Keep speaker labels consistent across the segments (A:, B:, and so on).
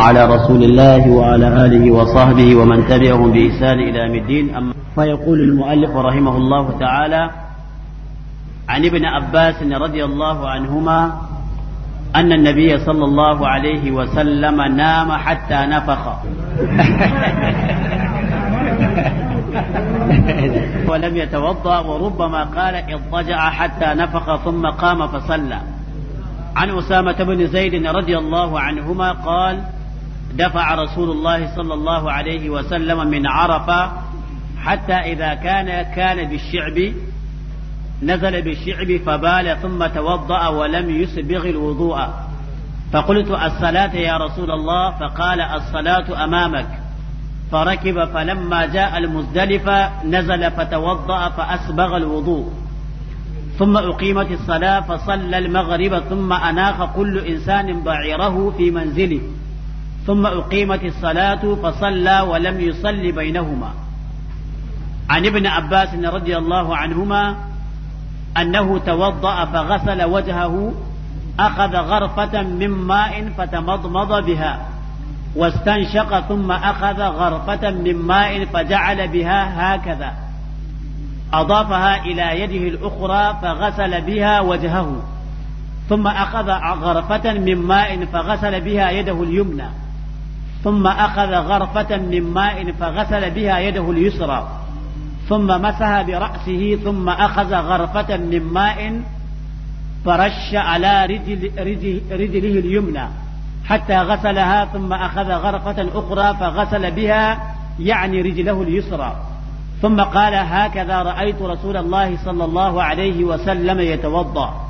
A: على رسول الله وعلى آله وصحبه ومن تبعهم بإحسان إلى يوم الدين أما فيقول المؤلف رحمه الله تعالى عن ابن عباس رضي الله عنهما أن النبي صلى الله عليه وسلم نام حتى نفخ ولم يتوضأ وربما قال اضطجع حتى نفخ ثم قام فصلى عن أسامة بن زيد رضي الله عنهما قال دفع رسول الله صلى الله عليه وسلم من عرفة حتى إذا كان كان بالشعب نزل بالشعب فبال ثم توضأ ولم يسبغ الوضوء فقلت الصلاة يا رسول الله فقال الصلاة أمامك فركب فلما جاء المزدلفة نزل فتوضأ فأسبغ الوضوء ثم أقيمت الصلاة فصلى المغرب ثم أناخ كل إنسان بعيره في منزله ثم أقيمت الصلاة فصلى ولم يصل بينهما عن ابن عباس رضي الله عنهما أنه توضأ فغسل وجهه أخذ غرفة من ماء فتمضمض بها واستنشق ثم أخذ غرفة من ماء فجعل بها هكذا أضافها إلى يده الأخرى فغسل بها وجهه ثم أخذ غرفة من ماء فغسل بها يده اليمنى ثم أخذ غرفة من ماء فغسل بها يده اليسرى ثم مسها برأسه ثم أخذ غرفة من ماء فرش على رجل رجل رجله اليمنى حتى غسلها ثم أخذ غرفة أخرى فغسل بها يعني رجله اليسرى ثم قال هكذا رأيت رسول الله صلى الله عليه وسلم يتوضأ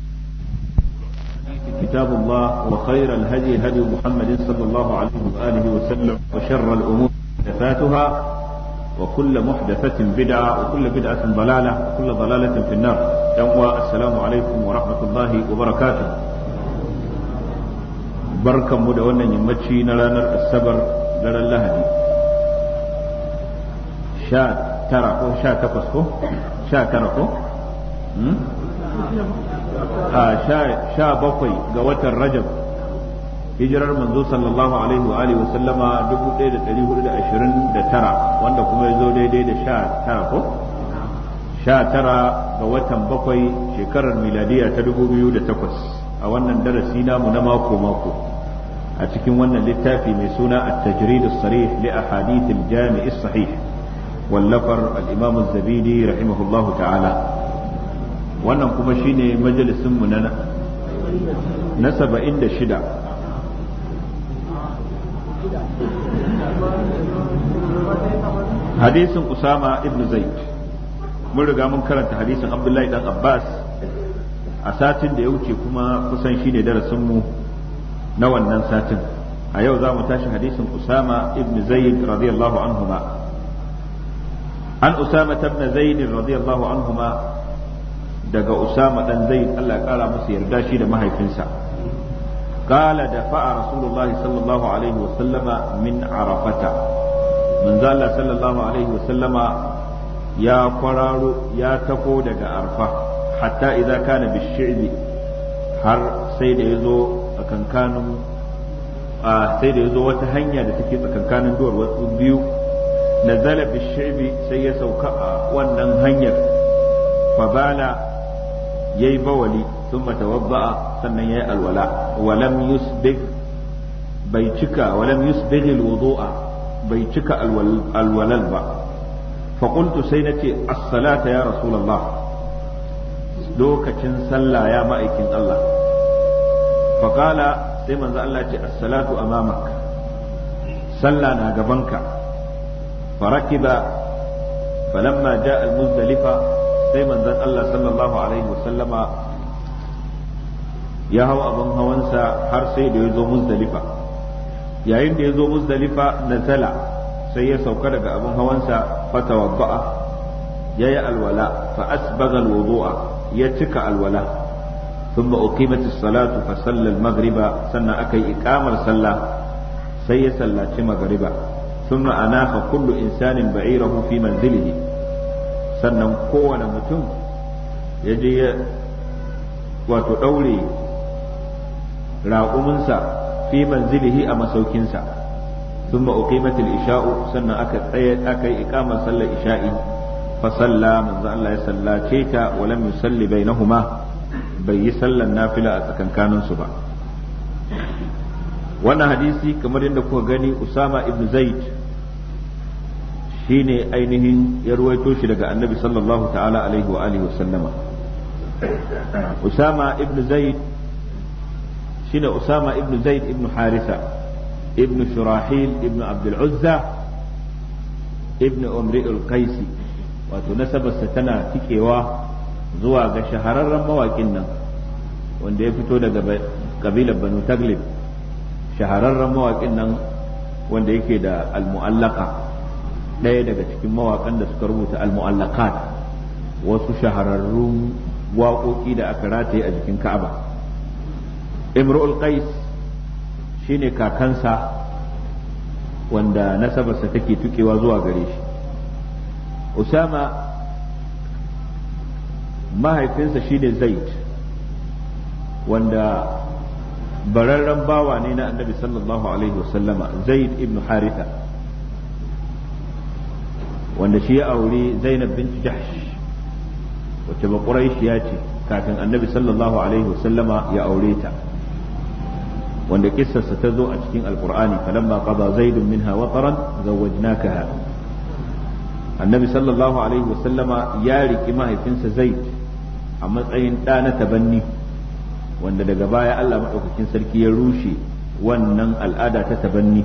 B: كتاب الله وخير الهدي هدي محمد صلى الله عليه وآله وسلم وشر الأمور محدثاتها وكل محدثة بدعة وكل بدعة ضلالة وكل ضلالة في النار السلام عليكم ورحمة الله وبركاته بركة مدونة يمتشي نرانا السبر لنا دي شا ترى شا تقصه شا ترى A sha bakwai ga watan rajab hijirar manzo sallallahu alaihi wa alihi da tara wanda kuma ya zo daidai da sha tara ko sha tara ga watan bakwai shekarar miladiya ta dubu biyu da takwas a wannan darasi namu na mako mako a cikin wannan littafi mai suna a tajrid as-sarih li ahadith al-jami' as-sahih wallafar al-imam az-zabidi rahimahullahu ta'ala wannan kuma shine majalisinmu na
C: na saba'in
B: da shida hadisin usama ibn zaid mun riga mun karanta hadisin abdullahi dan abbas a satin da ya wuce kuma kusan shine darasinmu na wannan satin a yau za mu tashi hadisin usama ibn zaid radiyallahu anhuma an usama ibn zaid radiyallahu anhuma daga usama dan zai Allah ya kara masa yarda shi da mahaifinsa qala da fa'a rasulullah sallallahu alaihi wa sallama min arafata manzo Allah sallallahu alaihi wa sallama ya kwararo ya tako daga arfa hatta idza kana bishi'bi har sai da yazo tsakankanin sai da yazo wata hanya da take tsakankanin duwar wasu biyu nazala bishi'bi sai ya sauka a wannan hanyar fabala yayi bawali thumma wabba'a sannan yayi alwala walam yusbig bai cika walam yusbig alwudu'a bai cika alwalal ba fa qultu sai nace as-salata ya rasulullah lokacin sallah ya ma'aikin Allah fa qala sai manzo Allah ce as-salatu amamak sallah na gabanka farakiba falamma ja'a al-muzdalifa sai manzon Allah sallallahu Alaihi ya hau abin hawansa har sai da ya zo muzdalifa yayin da ya zo muzdalifa na tala sai ya sauka daga abin hawansa fatawa ba'a ya yi alwala fa asbaga wudu'a ya cika alwala sun ba uƙimati salatu fa sallal magriba sannan aka yi ikamar sallah sai ya sallaci magriba sun ma'ana fa kullu insanin ba'irahu fi manzilihi sannan kowane mutum ya je ya wato ɗaure raƙuminsa fi manzilihi a masaukinsa sun ma'uƙimatul isha'u sannan aka tsaye aka yi ikamar sallar isha'i fa salla manzo Allah ya sallace ta wa lam yusalli bainahuma bai yi sallar nafila a tsakankanin su ba wannan hadisi kamar yadda kuka gani Usama ibn Zaid shine ainihin ya ruwaito shi daga annabi sallallahu ta'ala alaihi wa alihi wasallama usama ibn zaid shine usama ibn zaid ibn harisa ibn shurahil ibn abdul uzza ibn umri al-qaisi wato nasabarsa tana tikewa zuwa ga shahararren mawaƙin nan wanda ya fito daga kabilar banu taglib shahararren mawaƙin nan wanda yake da almu'allaka ɗaya daga cikin mawakan da suka rubuta al-mu'allaqat wasu shahararrun waƙoƙi da aka rataye a jikin Ka'aba Imrul Qais shine kakansa wanda nasabarsa take tukewa zuwa gare shi Usama mahaifinsa shine Zaid wanda bararren bawa ne na annabi sallallahu alaihi wasallama Zaid ibn Haritha wanda shi ya auri zainab binti jahsh wacce ba ya ce kafin annabi sallallahu alaihi wasallama ya aure ta wanda kissarsa ta zo a cikin alkur'ani falamma qada zaidun minha wataran zawwajnakaha annabi sallallahu alaihi wasallama ya riki mahaifinsa zaid a matsayin ɗa na tabanni wanda daga baya Allah maɗaukakin sarki ya rushe wannan al'ada ta tabanni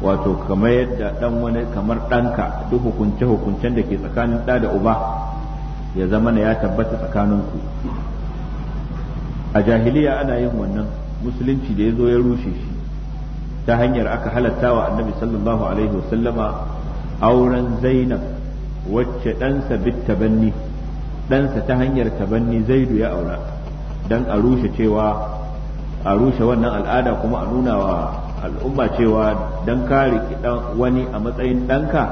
B: wato kamar yadda dan wani kamar ɗanka duk hukunce hukuncen da ke tsakanin ɗa da uba ya zama na ya tabbata tsakaninku a jahiliya ana yin wannan musulunci da ya zo ya rushe shi ta hanyar aka halatta wa annabi sallallahu alaihi wasallama auren zainab wacce ɗansa bit tabanni ɗansa ta hanyar tabanni zaidu ya aura don a rushe cewa a rushe wannan al'ada kuma a nuna wa al'umma cewa dan kare riki wani a matsayin ɗanka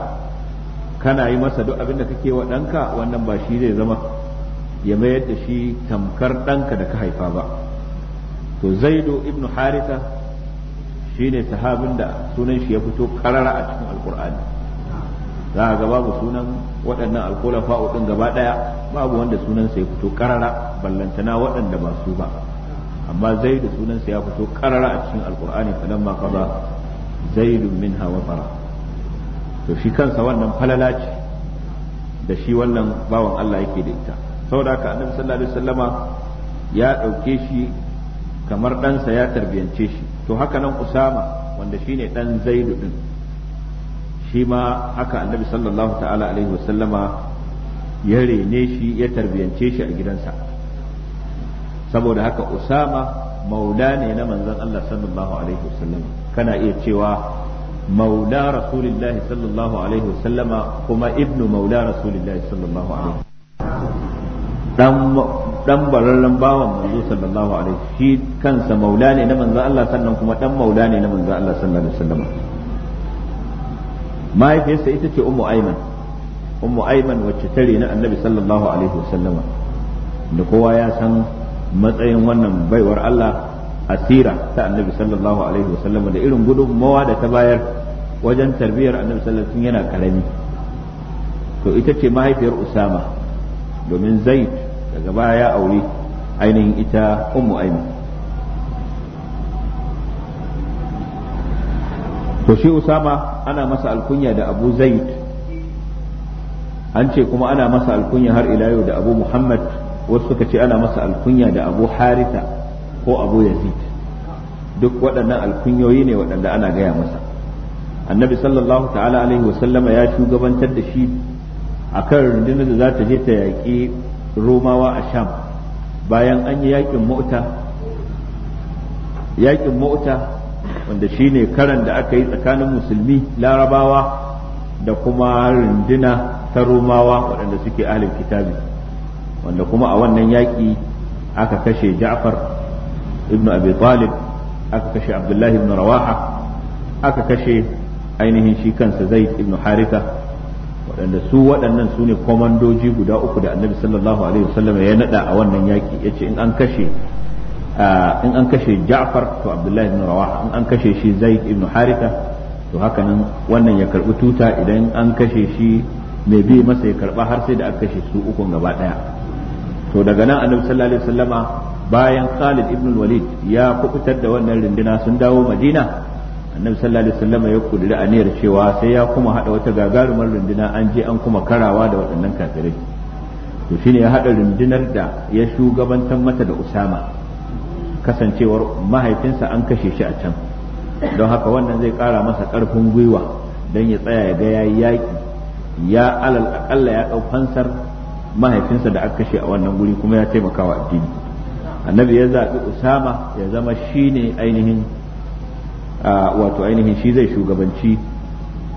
B: kana yi masa duk abin da kake wa danka wannan ba shi zai zama ya mayar da shi tamkar ɗanka da ka haifa ba to zaido ibn harita shine sahabin da sunan shi ya fito karara a cikin alqur'ani za a ga babu sunan waɗannan alkulafa ɗin gaba ɗaya babu wanda sunan sai fito karara ballantana waɗanda ba su ba amma zaid sunansa ya fito karara a cikin alkur'ani falamma qada zaid minha fara to shi kansa wannan falala ce da shi wannan bawan Allah yake da ita saboda haka annabi sallallahu alaihi wasallama ya dauke shi kamar ɗansa ya tarbiyance shi to haka nan usama wanda shine dan zaidu din shi ma haka annabi sallallahu ta'ala alaihi wasallama ya rene shi ya tarbiyance shi a gidansa saboda haka usama maula ne na manzon Allah sallallahu alaihi wasallam kana iya cewa maula rasulillahi sallallahu alaihi wasallama kuma ibnu maula rasulillahi sallallahu alaihi dan bararren bawan manzo sallallahu alaihi shi kansa maula ne na manzo Allah sannan kuma dan maula ne na manzo Allah sallallahu alaihi wasallam mahaifiyarsa ita ce ummu aiman ummu aiman wacce tare na annabi sallallahu alaihi wasallam da kowa ya san matsayin wannan baiwar Allah asira ta annabi sallallahu alaihi wasallam da irin gudunmawa da ta bayar wajen tarbiyyar annabi sallallahu alaihi yana karami to ita ce mahaifiyar usama domin zaid daga baya ya aure ainihin ita ummu aiman to shi usama ana masa alkunya da abu zaid an ce kuma ana masa alkunya har ila yau da abu muhammad wasu suka ce ana masa alkunya da abu harita ko abu yazid duk waɗannan alkunyoyi ne waɗanda ana gaya masa annabi sallallahu ta'ala alaihi wasallama ya shugabantar da shi a kan rundunar da za ta je ta yaƙi romawa a sham bayan an yi yaƙin mota yaƙin mota wanda shi ne karan da aka yi tsakanin musulmi larabawa da kuma runduna ta romawa waɗanda suke ahalin kitabi wanda kuma a wannan yaƙi aka kashe Ja'far ibn Abi Talib aka kashe Abdullahi ibn Rawaha aka kashe ainihin shi kansa Zaid ibn Haritha waɗanda su waɗannan su ne komandoji guda uku da annabi sallallahu alaihi wasallam ya naɗa a wannan yaƙi ya ce in an kashe in an kashe Ja'far to Abdullahi ibn Rawaha in an kashe shi Zaid ibn Haritha to haka nan wannan ya karɓi tuta idan an kashe shi mai bi masa ya karɓa har sai da aka kashe su ukun gaba ɗaya to daga nan annabi sallallahu alaihi wasallama bayan Khalid ibn Walid ya kubutar da wannan rinduna sun dawo Madina annabi sallallahu alaihi wasallama ya kudura aniyar cewa sai ya kuma hada wata gagarumar rinduna an je an kuma karawa da waɗannan kafirai to shine ya hada rundunar da ya shugabantar mata da Usama kasancewar mahaifinsa an kashe shi a can don haka wannan zai kara masa karfin gwiwa don ya tsaya ya ga yayi yaki ya alal akalla ya dau fansar mahaifinsa da aka kashe a wannan guri kuma ya taimaka wa addini annabi ya zaɓi usama ya zama shi ne ainihin wato ainihin shi zai shugabanci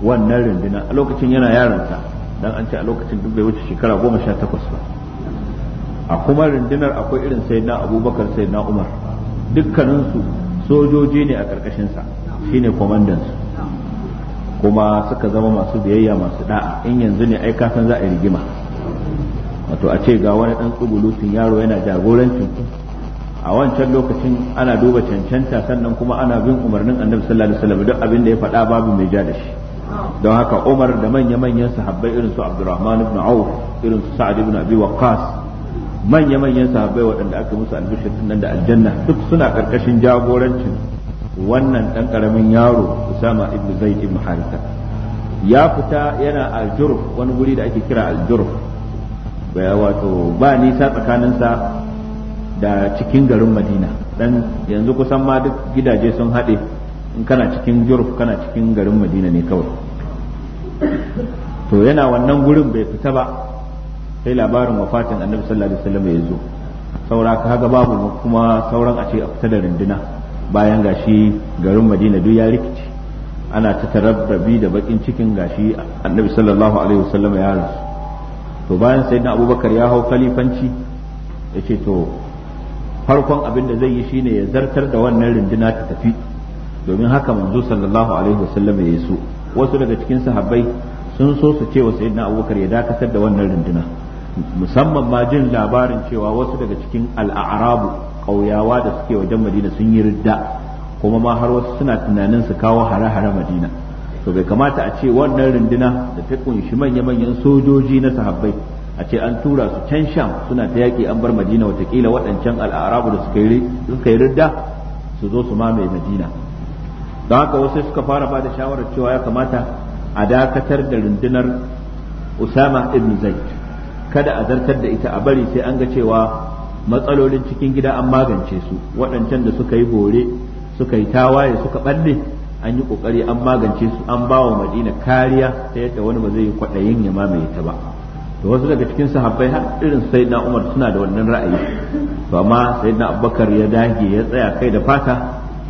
B: wannan runduna a lokacin yana yaranta don an ce a lokacin duk bai wuce shekara goma sha takwas ba a kuma rundunar akwai irin sai na abubakar sai na umar dukkaninsu sojoji ne a ƙarƙashinsa shi ne kwamandansu kuma suka zama masu biyayya masu da'a in yanzu ne ai kafin za a yi rigima wato a ce ga wani dan tsubulutun yaro yana jagorancin a wancan lokacin ana duba cancanta sannan kuma ana bin umarnin annabi sallallahu alaihi wasallam duk abin da ya faɗa babu mai ja da shi don haka Umar da manya-manyan sahabbai irin su Abdurrahman ibn Auf irin su Sa'ad ibn Abi Waqqas manya-manyan sahabbai waɗanda aka musu albishir nan da aljanna duk suna karkashin jagorancin wannan dan karamin yaro Usama ibn Zaid ibn Haritha ya fita yana aljuruf wani wuri da ake kira aljurf baya wato ba nisa tsakaninsa da cikin garin madina dan yanzu kusan ma duk gidaje sun haɗe in kana cikin jurf kana cikin garin madina ne kawai to yana wannan gurin bai fita ba sai labarin wafatin annabi sallallahu alaihi wasallam ya zo saura kaga babu kuma sauran a ce a fita da runduna bayan gashi garin madina duk ya rikice ana ta tarabbabi da bakin cikin gashi annabi sallallahu alaihi wasallam ya rasu to bayan sayyidina abubakar ya hau kalifanci ya ce to farkon abin da zai yi shine ya zartar da wannan runduna ta tafi domin haka manzo sallallahu alaihi wasallam ya yi so wasu daga cikin sahabbai sun so su ce wa sayyidina abubakar ya dakatar da wannan runduna musamman ma jin labarin cewa wasu daga cikin al'arabu ƙauyawa da suke wajen madina sun yi ridda kuma ma har wasu suna tunanin su kawo hare-hare madina to bai kamata a ce wannan runduna da ta kunshi manya-manyan sojoji na sahabbai a ce an tura su can sham suna ta yaƙi an bar madina watakila waɗancan al'arabu da suka yi ridda su zo su mamaye madina don haka wasu suka fara ba da shawarar cewa ya kamata a dakatar da rundunar usama ibn zaid kada a zartar da ita a bari sai an ga cewa matsalolin cikin gida an magance su waɗancan da suka yi bore suka yi tawaye suka ɓalle an yi kokari an magance su an ba wa madina kariya ta yadda wani ba zai yi kwaɗayin ya mamaye ta ba to wasu daga cikin sahabbai har irin sayyidina umar suna da wannan ra'ayi to amma sayyidina abubakar ya dage ya tsaya kai da fata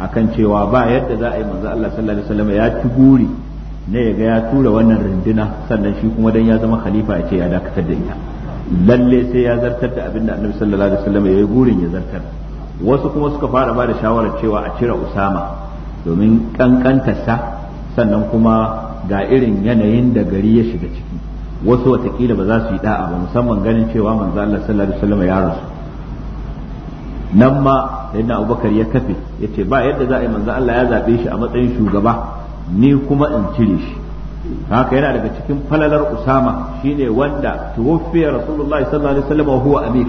B: akan cewa ba yadda za a yi manzo Allah sallallahu alaihi wasallam ya ci guri ne ya ga ya tura wannan runduna sannan shi kuma dan ya zama khalifa ya ce ya dakatar da ita lalle sai ya zartar da abinda da annabi sallallahu alaihi wasallam ya yi gurin ya zartar wasu kuma suka fara ba da shawarar cewa a cire usama domin kankantarsa sannan kuma ga irin yanayin da gari ya shiga ciki wasu watakila ba za su yi da'a ba musamman ganin cewa manzo Allah sallallahu alaihi wasallam ya rasu nan ma sayyidina Abubakar ya kafe yace ba yadda za a yi manzo Allah ya zabe shi a matsayin shugaba ni kuma in cire shi haka yana daga cikin falalar Usama shine wanda tuwaffiya Rasulullahi sallallahu alaihi wasallam huwa amir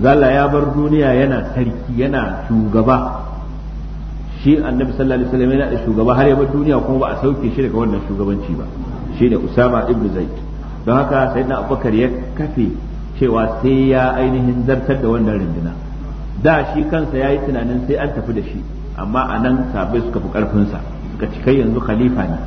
B: manzo Allah ya bar duniya yana sarki yana shugaba shi annabi sallallahu alaihi wasallam yana da shugaba har ya duniya kuma ba a sauke shi daga wannan shugabanci ba shine Usama ibnu Zaid don haka sayyidina Abubakar ya kafe cewa sai ya ainihin zartar da wannan runduna da shi kansa yayi tunanin sai an tafi da shi amma a nan sabai suka fi karfin sa suka ci yanzu khalifa ne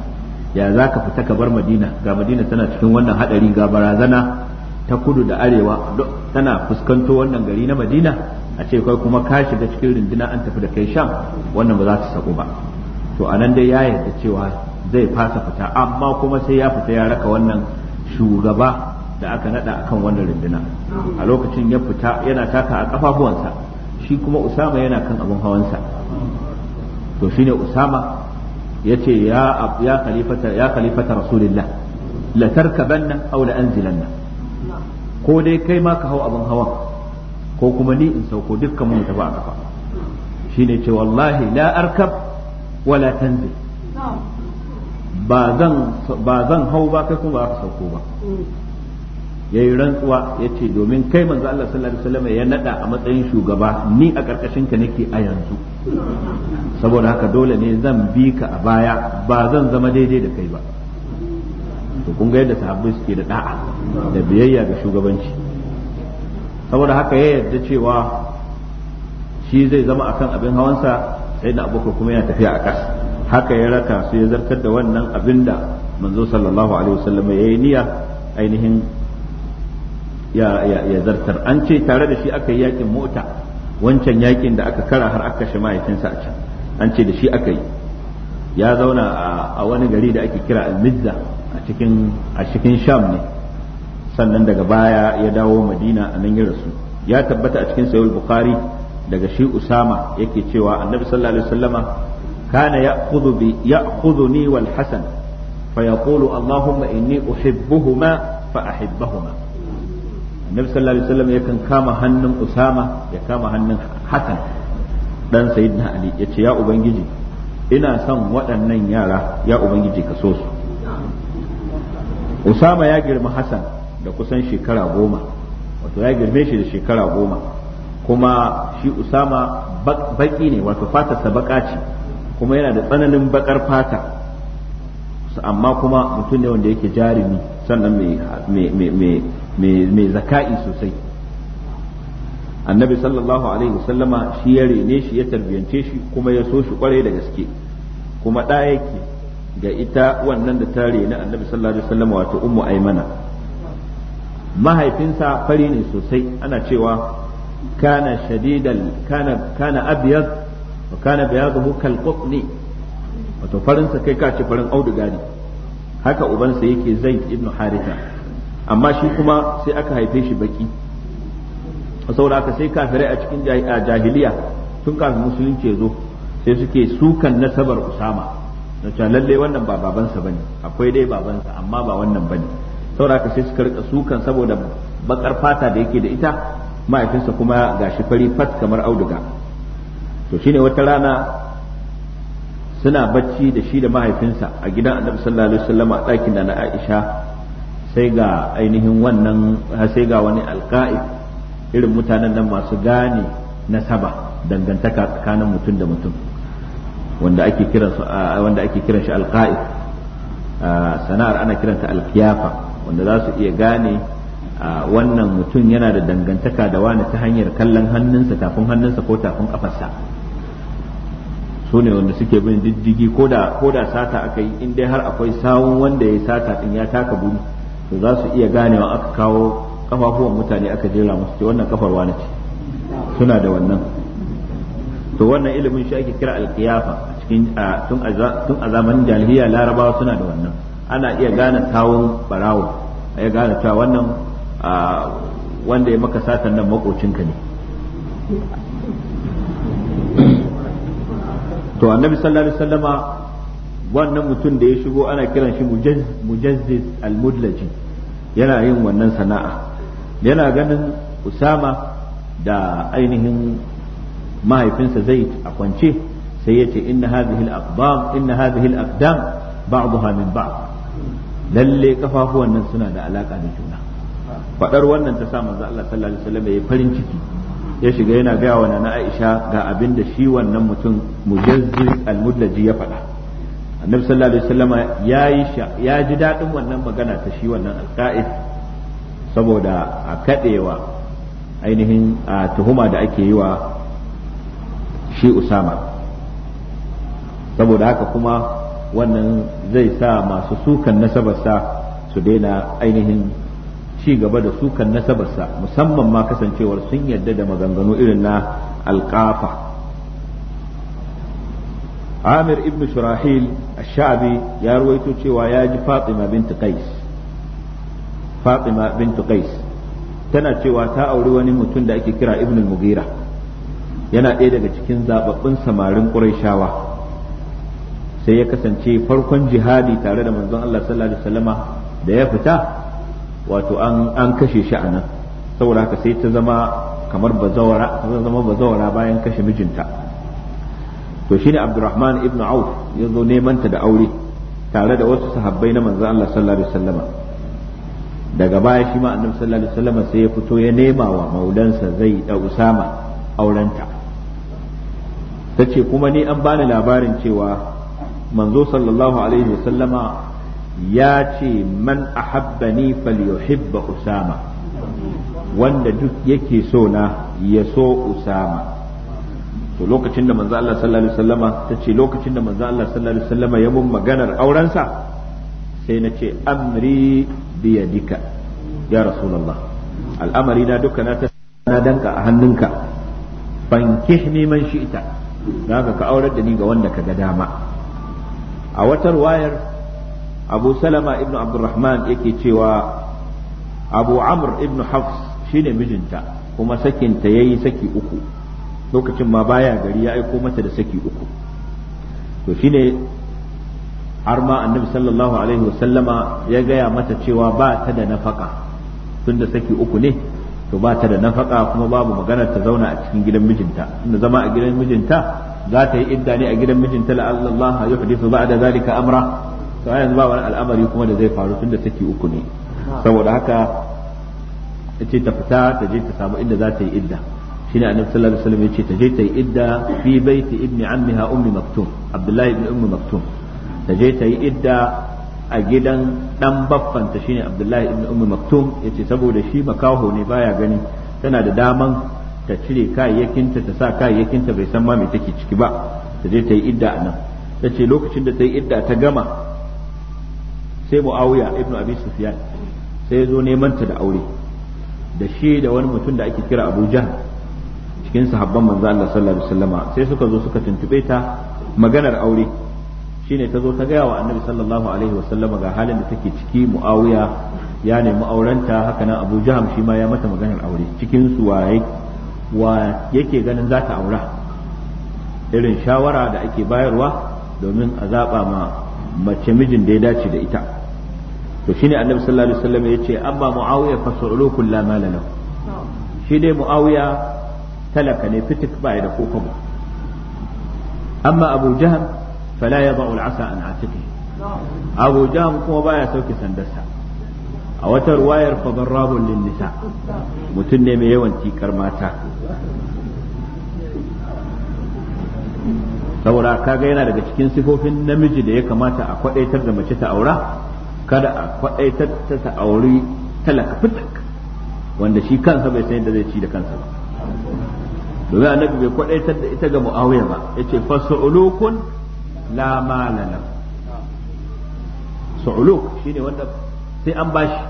B: ya za ka fita ka bar Madina ga Madina tana cikin wannan hadari ga barazana ta kudu da arewa tana fuskanto wannan gari na Madina a ce kai kuma ka shiga cikin rinduna an tafi da kai sham wannan ba za ta sako ba to anan dai ya yarda cewa zai fasa fita amma kuma sai ya fita ya raka wannan shugaba da aka nada akan wannan runduna a lokacin ya fita yana taka a kafafuwansa shi kuma usama yana kan abin hawansa to shine usama yace ya ya khalifata ya khalifata rasulillah la tarkabanna aw la anzilanna ko dai kai ma ka hau abin hawan ko kuma ni in sauko dukkan mun tafi a kafa ne ce wallahi la arkab wala tanzil ba zan hau ba kai kuma ba ka sauko ba ya rantsuwa ya ce domin kai manzo Allah sallallahu alaihi wasallam ya nada a matsayin shugaba ni a karkashin ka nake a yanzu saboda haka dole ne zan bi ka a baya ba zan zama daidai da kai ba to kun ga yadda sahabbai suke da da'a da biyayya ga shugabanci saboda haka ya yarda cewa shi zai zama akan abin hawansa sai da abokan kuma yana tafiya a ƙasa haka ya raka su ya zartar da wannan abin da manzo sallallahu alaihi wasallam ya yi niyya ainihin ya, zartar an ce tare da shi aka yi yakin mota wancan yakin da aka kara har aka kashe mahaifinsa a can an ce da shi aka yi ya zauna a, wani gari da ake kira al-mizza a cikin sham ne sannan daga baya ya dawo madina a nan ya rasu ya tabbata a cikin sahih bukhari daga shi usama yake cewa annabi sallallahu alaihi wasallama kana ya'khudhu bi ya'khudhuni wal hasan fa yaqulu allahumma inni uhibbuhuma fa ahibbahuma annabi sallallahu alaihi wasallam yakan kama hannun usama ya kama hannun hasan dan sayyidina ali ya ce ya ubangiji ina son waɗannan yara ya ubangiji ka so su usama ya girma hasan da kusan shekara goma wato ya girme shi da shekara goma kuma shi usama baki ne wato fatarsa baka ce kuma yana da tsananin bakar fata amma kuma mutum ne wanda yake jarumi sannan mai zaka'i sosai annabi sallallahu alaihi wasallama shi ya rene shi ya tarbiyance shi kuma ya so shi kwarai da gaske kuma ɗaya yake ga ita wannan da ta rene annabi sallallahu alaihi wasallama wato ummu aimana mahaifinsa fari ne sosai ana cewa kana shadidal kana kana abyad wa kana bayadhu kal qutni wato farinsa kai ka ce farin auduga ne haka ubansa yake zaid ibn haritha amma shi kuma sai aka haife shi baki saboda haka sai kafirai a cikin jahiliya tun kafin musulunci ya zo sai suke sukan nasabar usama na lalle wannan ba babansa bane akwai dai babansa amma ba wannan bane saboda ka sai suka rika sukan saboda bakar fata da yake da ita mahaifinsa kuma ga shi fari fat kamar auduga to shine wata rana suna bacci da shi da mahaifinsa a gidan annabi sallallahu alaihi wasallam a ɗakin da na Aisha sai ga ainihin wannan sai ga wani alƙa'i irin mutanen nan masu gane nasaba dangantaka tsakanin mutum da mutum wanda ake kiran wanda ake kiran shi alƙa'i sana'ar ana kiranta alkiyafa wanda za su iya gane wannan mutum yana da dangantaka da wani ta hanyar kallon hannunsa tafin hannunsa ko tafin kafarsa su ne wanda suke bin diddigi ko da sata aka yi in dai har akwai sawun wanda ya sata din ya taka buru to za su iya gane wa aka kawo kafafuwan mutane aka jera musu ce wannan kafar wani ce suna da wannan to wannan ilimin shi ake kira alkiyafa tun a zamanin jahiliya larabawa suna da wannan ana iya gane sawun barawon. ya gane cewa wannan wanda ya maka satan nan makocinka ne to annabi sallallahu alaihi wasallama wannan mutum da ya shigo ana kiran shi mujazziz al yana yin wannan sana'a yana ganin usama da ainihin mahaifinsa zai a kwance sai ya ce inna hadhihi al-aqdam inna hadhihi al-aqdam ba'daha min ba'd lalle kafafuwan nan suna da alaka da juna faɗar wannan ta sa manzo Allah sallallahu alaihi wasallam ya farin ciki ya shiga yana gaya wa nana Aisha ga abinda da shi wannan mutum mujazzi al ya faɗa annabi sallallahu alaihi wasallam ya yi ya ji dadin wannan magana ta shi wannan alqa'id saboda a kadewa ainihin a tuhuma da ake yi wa shi Usama saboda haka kuma wannan zai sa masu sukan nasabarsa su daina ainihin ci gaba da sukan nasabarsa musamman ma kasancewar sun yadda da maganganu irin na alƙafa amir ibn shurahil ash-sha'bi ya ruwaito cewa ya ji fatima bint qais fatima bint qais tana cewa ta auri wani mutum da ake kira ibn Mugira yana ɗaya daga cikin zababbun samarin shawa sai ya kasance farkon jihadi tare da manzon Allah sallallahu alaihi wasallama da ya fita wato an an kashe shi anan saboda haka sai ta zama kamar bazawara zama bazawara bayan kashe mijinta to shine Abdurrahman ibn Auf ya zo neman ta da aure tare da wasu sahabbai na manzon Allah sallallahu alaihi wasallama daga baya shi ma annabi sallallahu alaihi sai ya fito ya nema wa maulansa zai da usama aurenta ta ce kuma ni an bani labarin cewa manzo sallallahu alaihi wasallama ya ce man ahabbani falyuhibba usama wanda duk yake so na ya so usama to lokacin da manzo Allah sallallahu alaihi wasallama ta ce lokacin da manzo Allah sallallahu alaihi wasallama ya mun maganar aurensa sai na ce amri biyadika ya rasulullah al'amari na duka na ta na danka a hannunka fankih neman shi ita zaka ka aurar da ni ga wanda ka ga dama a watar wayar abu salama ibnu abdurrahman yake cewa abu amr ibnu hafs shine mijinta kuma sakinta yayi saki uku lokacin ma baya gari ya aiko mata da saki uku to shine har ma annabi sallallahu alaihi wasallama ya gaya mata cewa ba ta da nafaka tunda saki uku ne to ba ta da nafaka kuma babu magana ta zauna a cikin gidan mijinta tunda zama a gidan mijinta za ta yi idda ne a gidan mijinta la Allah ya hudisu ba'da zalika amra to yanzu ba wani al'amari kuma da zai faru tunda take uku ne saboda haka ce ta fita ta je ta samu inda za ta yi idda shine annabi sallallahu alaihi wasallam yace ta je ta yi idda fi baiti ibni ammiha ummi maktum abdullahi ibn ummi maktum ta je ta yi idda a gidan dan baffanta shine abdullahi ibn ummi maktum yace saboda shi makaho ne baya gani tana da daman ta cire kayayyakinta ta sa kayayyakinta bai san ma me take ciki ba ta je ta yi idda nan ta ce lokacin da ta yi idda ta gama sai muawiya ibnu abi sufyan sai zo neman ta da aure da shi da wani mutum da ake kira abu jahl cikin sahabban manzo Allah sallallahu alaihi wasallama sai suka zo suka tuntube ta maganar aure shine ta zo ta gaya wa annabi sallallahu alaihi wasallama ga halin da take ciki muawiya ya nemi aurenta haka nan abu jaham shi ma ya mata maganar aure cikin su waye wa yake ganin za ta aura irin shawara da ake bayarwa domin a zaɓa ma mace mijin da ya dace da ita to shine annabi sallallahu alaihi wasallam ya ce amma muawiya fa su'ulukun la mala lahu shi dai muawiya talaka ne fitik ba ya da koko ba amma abu jahal fala yada'u al'asa an atiqi abu jahal kuma baya sauke sandarsa a wata ruwayar fadarrabun rabon nisa mutum ne mai yawan tikar mata saboda kaga yana daga cikin sifofin namiji da ya kamata a kwadaitar da mace ta aura kada a kwadaitar ta ta auri talaka fitak wanda shi kansa bai san yadda zai ci da kansa ba domin annabi bai kwadaitar da ita ga muawiya ba yace fasulukun la malana su'uluk shine wanda sai an bashi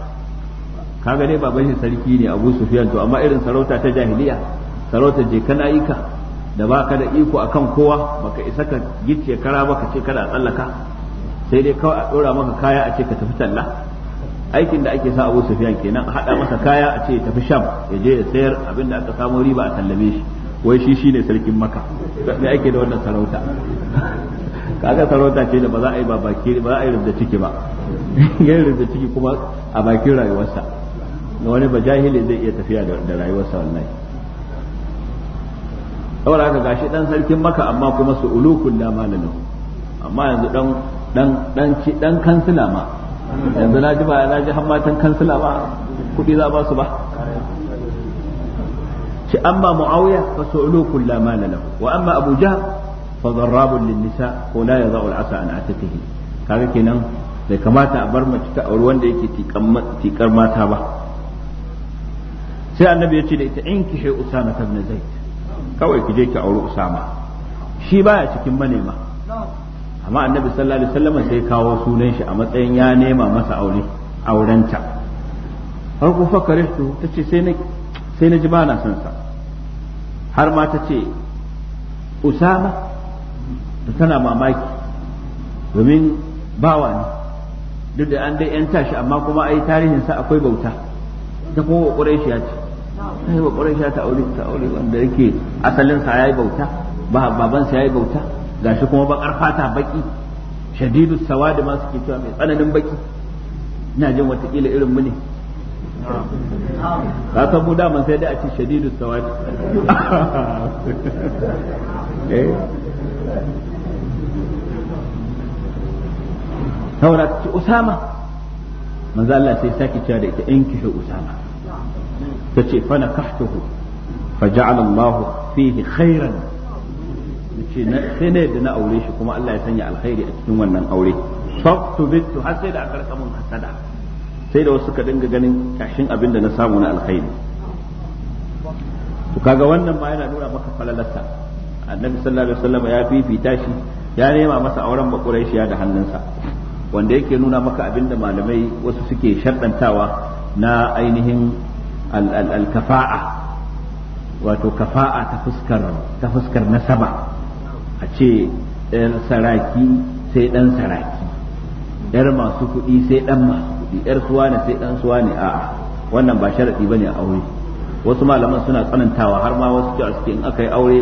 B: kaga dai baban shi sarki ne Abu Sufyan to amma irin sarauta ta jahiliya sarauta je kana ika da baka da iko akan kowa baka isa ka gice kara baka ce kada a tsallaka sai dai kawai a dora maka kaya a ce ka tafi talla aikin da ake sa Abu Sufyan kenan a hada masa kaya a ce tafi Sham ya je ya sayar abin da aka samu riba a tallabe shi wai shi shine sarkin maka? me ake da wannan sarauta kaga sarauta ce da ba za a yi ba ba za a yi da ciki ba ya da ciki kuma a bakin rayuwarsa na wani jahili zai iya tafiya da rayuwarsa wannan. saboda haka gashi dan sarkin maka amma kuma su ulukun da malamin amma yanzu dan dan dan dan kansila ma yanzu na ji ba na ji hammatan kansila ba kudi za ba su ba shi amma muawiya fa su la mala malamin wa amma abu jahl fa dharrabun lin nisa ko la yadha'u al'asa an atatihi kaga kenan bai kamata a bar mace ta auri wanda yake tikar mata ba sai annabi ya ce da ita in kishe usama ta ibn zai kawai ki je ki auri usama shi baya cikin manema amma annabi sallallahu alaihi wasallam sai kawo sunan shi a matsayin ya nema masa aure aurenta har ku fakare tace sai na sai na ji ba son sa har ma tace usama tana mamaki domin bawa ne duk da an dai yan tashi amma kuma ai tarihin sa akwai bauta ta ko quraishiya ce sai ba quraishiya ta aure ta aure wanda yake asalin sa yayi bauta ba baban sa yayi bauta gashi kuma ba karfata baki shadidu sawad ma suke cewa mai tsananin baki ina jin watakila irin mu ne ka san mu daman sai dai a ce shadidu sawadi eh. saura ta ce usama manzo Allah sai saki cewa da ita in kishi usama ta ce fa nakahtuhu fa ja'ala Allah fihi khairan ce sai ne da na aure shi kuma Allah ya sanya alkhairi a cikin wannan aure faktu bitu har sai da aka rika mun hasada sai da wasu ka dinga ganin kashin abin da na samu na alkhairi to kaga wannan ma yana nuna maka falalarsa annabi sallallahu alaihi wasallam ya fifita shi ya nema masa auren ya da hannunsa wanda yake nuna maka abin da malamai wasu suke shaddantawa na ainihin alkafa'a wato kafa'a ta fuskar ta fuskar nasaba a ce ɗan saraki sai ɗan saraki ɗar masu kuɗi sai ɗan masu kuɗi ɗar ne sai ɗan ne a'a wannan ba sharaɗi bane a aure wasu malaman suna tsanantawa har ma wasu cewa suke in aka yi aure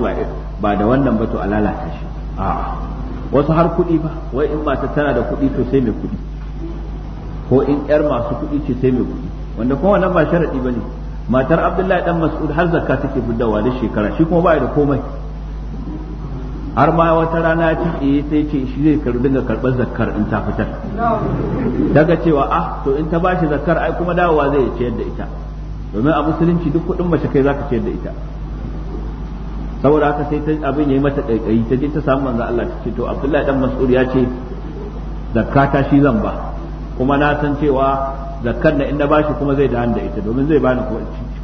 B: ba da wannan ba to a lalata shi a'a wasu har kuɗi ba wai in mata tana da kuɗi to sai mai kuɗi ko in yar masu kuɗi ce sai mai kuɗi wanda kuma wannan ba ba ne matar Abdullahi dan Mas'ud har zakka take buddawa da shekara shi kuma ba da komai har ma wata rana ci tsaye eh, sai ce shi zai karɓi dinga karɓar zakkar in ta fitar daga cewa ah to in ta bashi zakkar ai kuma dawowa zai ciyar da ita domin a musulunci duk kuɗin mace kai zaka ciyar da ita saboda haka sai ta abin ya yi mata kaikayi ta je ta samu manzo Allah ta ce to Abdullahi dan Mas'ud ya ce zakka ta shi zan ba kuma na san cewa zakkan na inda bashi kuma zai da da ita domin zai bani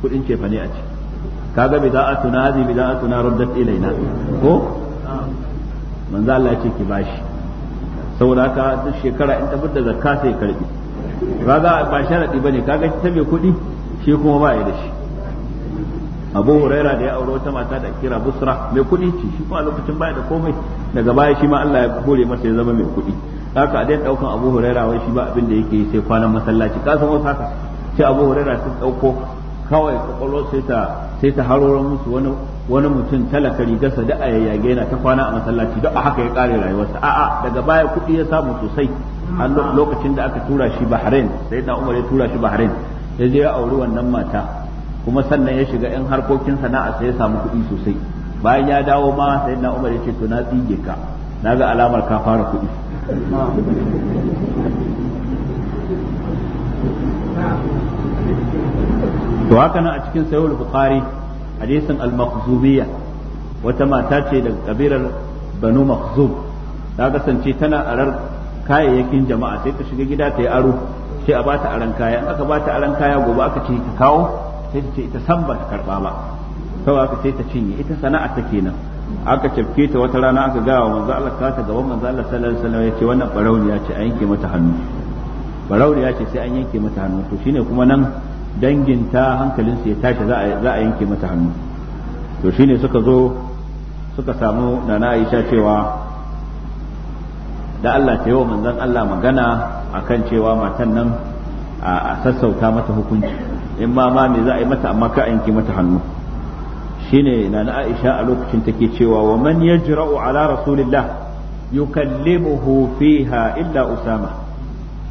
B: kudin cefa ne a ci kaga bi za'atu na hadi bi za'atu na raddat ilaina ko manzo Allah ya ce ki bashi saboda haka duk shekara in ta fitar da zakka sai karbi kaga ba sharadi bane kaga ta me kudi shi kuma ba ya da shi abu huraira da ya aure wata mata da kira busra mai kuɗi ce shi kuma lokacin baya da komai daga baya shi ma Allah ya kore masa ya zama mai kuɗi haka a dai daukan abu huraira wai shi ba abin da yake sai kwanan masallaci ka san wasu haka ce abu huraira sun dauko kawai kokolo sai ta sai ta haroro musu wani wani mutum talaka rigarsa da a yayyage yana ta kwana a masallaci don a haka ya kare rayuwarsa a daga baya kuɗi ya samu sosai a lokacin da aka tura shi Bahrain sai da Umar ya tura shi Bahrain ya je ya auri wannan mata kuma sannan ya shiga yan harkokin sana'a sai ya samu kuɗi sosai bayan ya dawo ma sai na umar ya ce to na tsige ka na ga alamar ka fara kuɗi to haka nan a cikin al bukhari hadisin al makhzubiyya wata mata ce daga kabilar banu Makzub, ta kasance tana arar kayayyakin jama'a sai ta shiga gida ta yi aro sai a bata aran kaya aka bata aran kaya gobe aka ce ka kawo sai ta ce ita san ba ta karba ba kawai aka sai ta cinye ita sana'a ta kenan aka cafke ta wata rana aka gawa manzo Allah ka ta gaban manzo Allah sallallahu alaihi wasallam yace wannan barauniya ce an yanke mata hannu barauniya ce sai an yanke mata hannu to shine kuma nan dangin ta hankalin su ya tashi za a za a yanke mata hannu to shine suka zo suka samu nana Aisha cewa da Allah ta yi wa manzon Allah magana akan cewa matan nan a sassauta mata hukunci in ma ma me za a yi mata amma ka yanke mata hannu shine na na Aisha a lokacin take cewa wa man yajra'u ala rasulillah yukallimuhu fiha illa usama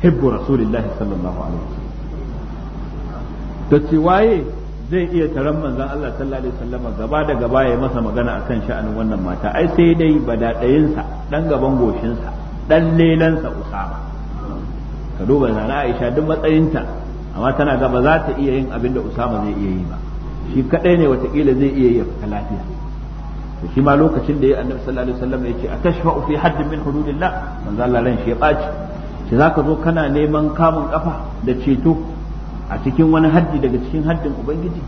B: hibbu rasulillah sallallahu alaihi wasallam tace waye zai iya taron manzon Allah sallallahu alaihi wasallam gaba da gaba ya masa magana akan sha'anin wannan mata ai sai dai badadayinsa dan gaban goshinsa dan lelansa usama ka duba na Aisha duk matsayinta amma tana ga ba za ta iya yin abin da usama zai iya yi ba shi kadai ne watakila zai iya yi ka lafiya to shi ma lokacin da ya annabi sallallahu alaihi wasallam ya ce atashfa'u fi haddin min hududillah manzo Allah ran shi ya baci shi zaka zo kana neman kamun kafa da ceto a cikin wani haddi daga cikin haddin ubangiji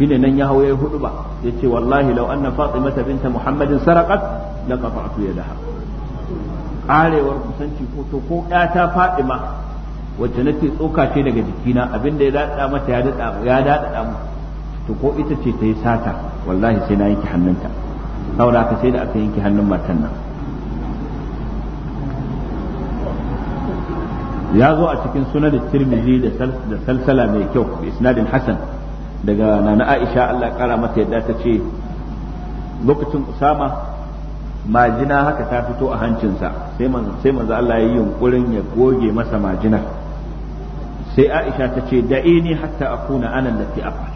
B: shine nan ya hawo ya hudu ba yace wallahi law anna fatimata binta muhammadin saraqat laqata'tu yadaha arewar kusanci ko to ko ta fatima wacce na ce tsoka ce daga jikina abin da ya daɗa mata ya daɗa ya daɗa mu to ko ita ce ta yi sata wallahi sai na yanke hannunta saboda haka sai da aka yanke hannun matan nan ya zo a cikin sunan tirmidhi da salsala mai kyau da isnadin hasan daga nana aisha Allah ya kara mata yadda ta ce lokacin usama majina haka ta fito a hancinsa sai manzo Allah ya yi yunkurin ya goge masa majinar. sai aisha ta ce ne hatta a kuna ana lati afal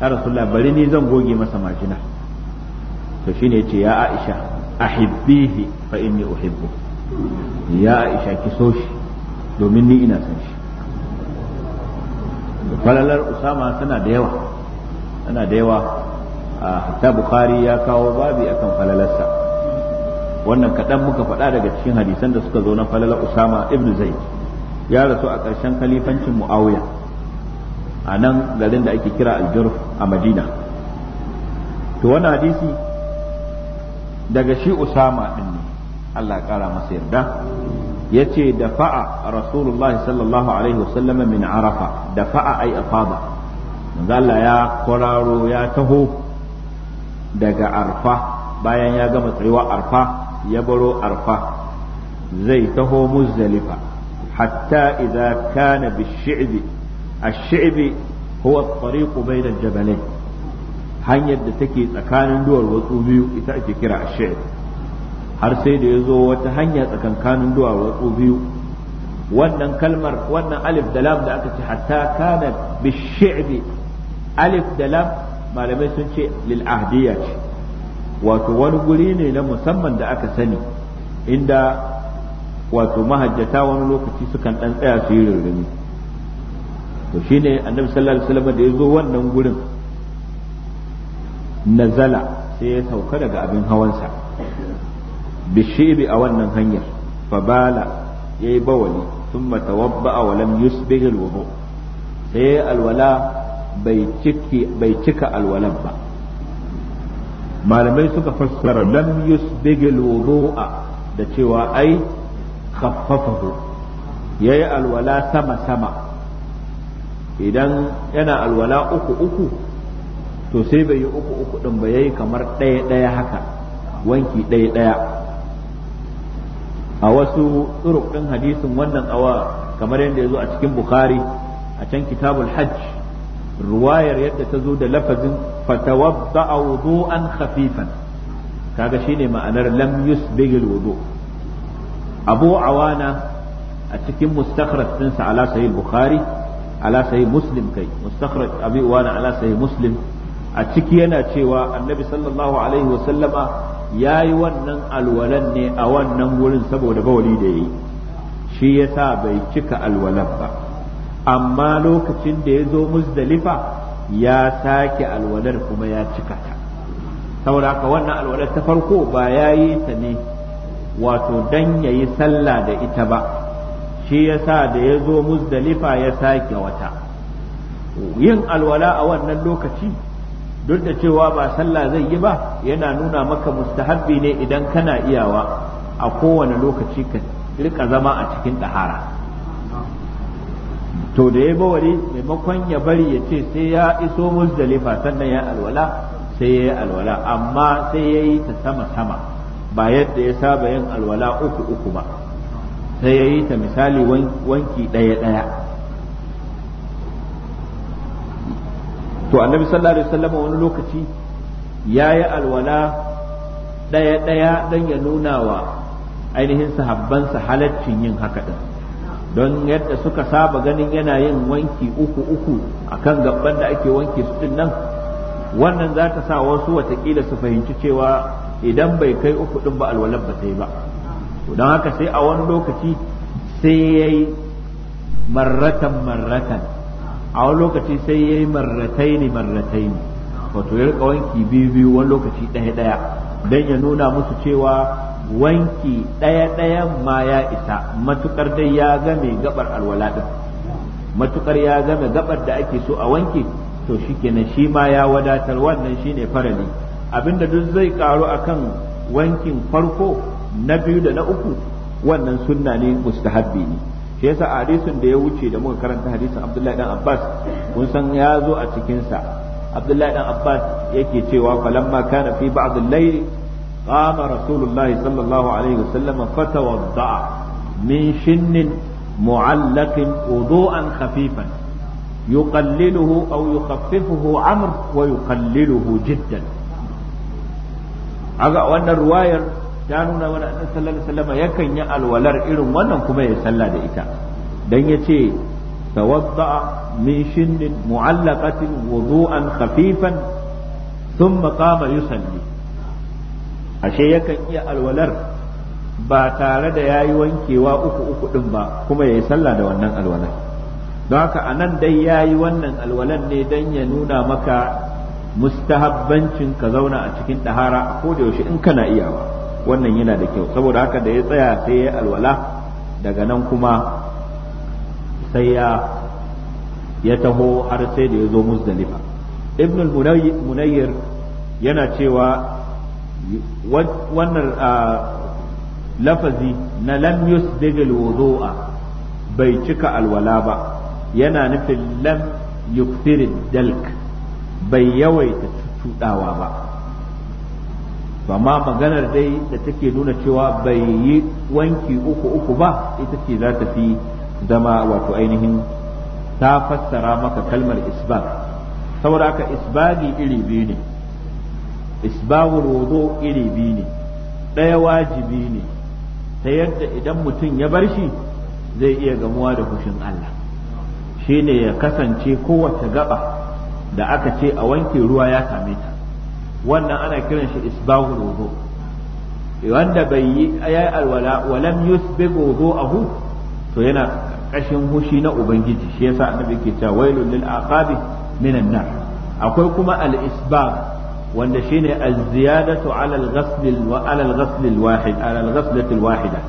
B: ya rasulullah bari ni zan goge masa majina to shine yace ya aisha ahibbihi fa inni uhibbu ya aisha ki so shi domin ni ina son shi falalar usama tana da yawa tana da yawa a hatta bukhari ya kawo babi akan falalarsa wannan kaɗan muka faɗa daga cikin hadisan da suka zo na falalar usama ibn zaid ya rasu a ƙarshen kalifancin muawiya a nan garin da ake kira aljurf a madina to wani hadisi daga shi usama ɗin ne allah ƙara masa yarda ya ce da fa'a rasulullah sallallahu alaihi wasallama min arafa da fa'a ai afada zalla ya kwararo ya taho daga arfa bayan ya gama tsayuwa arfa ya baro arfa zai taho muzdalifa hatta idza kana bish-shi'bi ash-shi'bi huwa at-tariq bayna al hanyar da take tsakanin biyu ita kira har sai da yazo wata hanya tsakankanin duwar watsu biyu wannan kalmar wannan alif da lam da aka ce hatta kana bi shibi alif da lam malamai sun ce lil ahdiyya ce wato wani guri ne na musamman da aka sani inda wato mahajjata wani lokaci sukan dan tsaya su yi rurrumi to shine annabi sallallahu alaihi wasallam da ya zo wannan gurin nazala sai ya sauka daga abin hawansa bishibi a wannan hanyar fabala ya yi bawali thumma tawabba'a wa lam yusbih alwudu sai alwala bai ciki bai cika alwalan ba malamai suka fassara lam yusbih alwudu da cewa ai khaffafahu yayi alwala sama sama idan yana alwala uku uku to sai bai yi uku uku din ba yayi kamar ɗaya ɗaya haka wanki ɗaya ɗaya a wasu tsuruk ɗin hadisin wannan awa kamar yadda ya zo a cikin bukhari a can kitabul hajj ruwayar yadda ta zo da lafazin fatawabba an khafifan kaga shine ma'anar lam bigil wudu' abu awana a cikin mustakhraj ɗinsa ala sahih bukhari ala sahih muslim kai mustakhraj abi awana ala sahih muslim a ciki yana cewa annabi sallallahu alaihi wa sallama yayi wannan alwalan ne a wannan wurin saboda bawali da yayi shi yasa bai cika alwalan ba amma lokacin da ya zo muzdalifa ya sake alwalar kuma ya cika ta saboda haka wannan alwalar ta farko ba yayi ta ne wato dan yayi sallah da ita ba shi yasa da ya zo muzdalifa ya sake wata yin alwala a wannan lokaci duk da cewa ba sallah zai yi ba yana nuna maka mustahabbi ne idan kana iyawa a kowane lokaci ka rika zama a cikin ɗahara to da ya bawari maimakon ya bari ya ce sai ya iso muzdalifa sannan ya alwala sai ya yi alwala amma sai ya yi ta sama sama ba yadda ya saba yin alwala uku uku ba sai ya yi ta misali wanki ɗaya ɗaya to annabi sallallahu alaihi wasallam wani lokaci ya yi alwala ɗaya ɗaya don ya nuna wa ainihin sahabbansa halaccin yin haka ɗin don yadda suka saba ganin yana yin wanki uku uku akan gaban da ake wanke su ɗin nan wannan za ta sa wasu watakila su fahimci cewa idan bai kai uku din ba alwalar ba sai ba don haka sai a wani lokaci sai yayi marratan marratan a wani lokaci sai yayi marrataini marrataini wato ya rika wanki biyu biyu wani lokaci ɗaya ɗaya don ya nuna musu cewa wanki ɗaya ɗaya ma ya isa matukar dai ya game gabar alwala din matukar ya game gabar da ake so a wanke to shikenan shi ma ya wadatar wannan shine farali abinda duk zai karu akan wankin farko na biyu da na uku wannan sunna ne mustahabbi ne shi yasa a hadisin da ya wuce da muka karanta hadisin Abdullahi dan Abbas kun san ya zo a cikin sa Abdullahi dan Abbas yake cewa falamma kana fi ba'd al-layl qama rasulullahi sallallahu alaihi wasallam fatawadda min shinnin mu'allaqin wudu'an khafifan يقلله أو يخففه عمرو ويقلله جدا aga wannan ruwayar ta nuna mana annabi sallallahu alaihi wasallam yakan yi alwalar irin wannan kuma ya salla da ita dan yace tawadda min shinnin mu'allaqatin wudu'an khafifan thumma qama yusalli ashe yakan iya alwalar ba tare da yayi wankewa uku uku din ba kuma yayi sallah da wannan alwalar don haka anan dai yayi wannan alwalar ne dan ya nuna maka mustahabbancin ka zauna a cikin ɗahara ko da yaushe in kana iyawa wannan yana da kyau saboda haka da ya tsaya sai ya alwala daga nan kuma sai ya
A: ya taho har sai
B: da ya zo muzdalifa ibn munayyir yana cewa wannan lafazi na lam yusdigil wudu'a bai cika alwala ba yana nufin lam yuktirid dalk bai yawaita cutudawa ba ba ma maganar dai da take nuna cewa bai yi wanki uku uku ba ita ce za ta fi zama wato ainihin ta fassara maka kalmar isbab saboda ka isbabi iri biyu ne isbabul wudu iri biyu ne ɗaya wajibi ne ta yadda idan mutum ya bar shi zai iya gamuwa da fushin Allah shine ya kasance kowace gaba da aka ce a wanke ruwa ya same ta wannan ana kiran shi isbahul wudu wanda bai yi ayi alwala walam yusbigu wudu'ahu to yana kashin hushi na ubangiji shi yasa annabi yake cewa wailul lil aqabi minan nar akwai kuma al isbah wanda shine az-ziyadatu ala al-ghasl wa ala al-ghasl al-wahid ala al al-wahida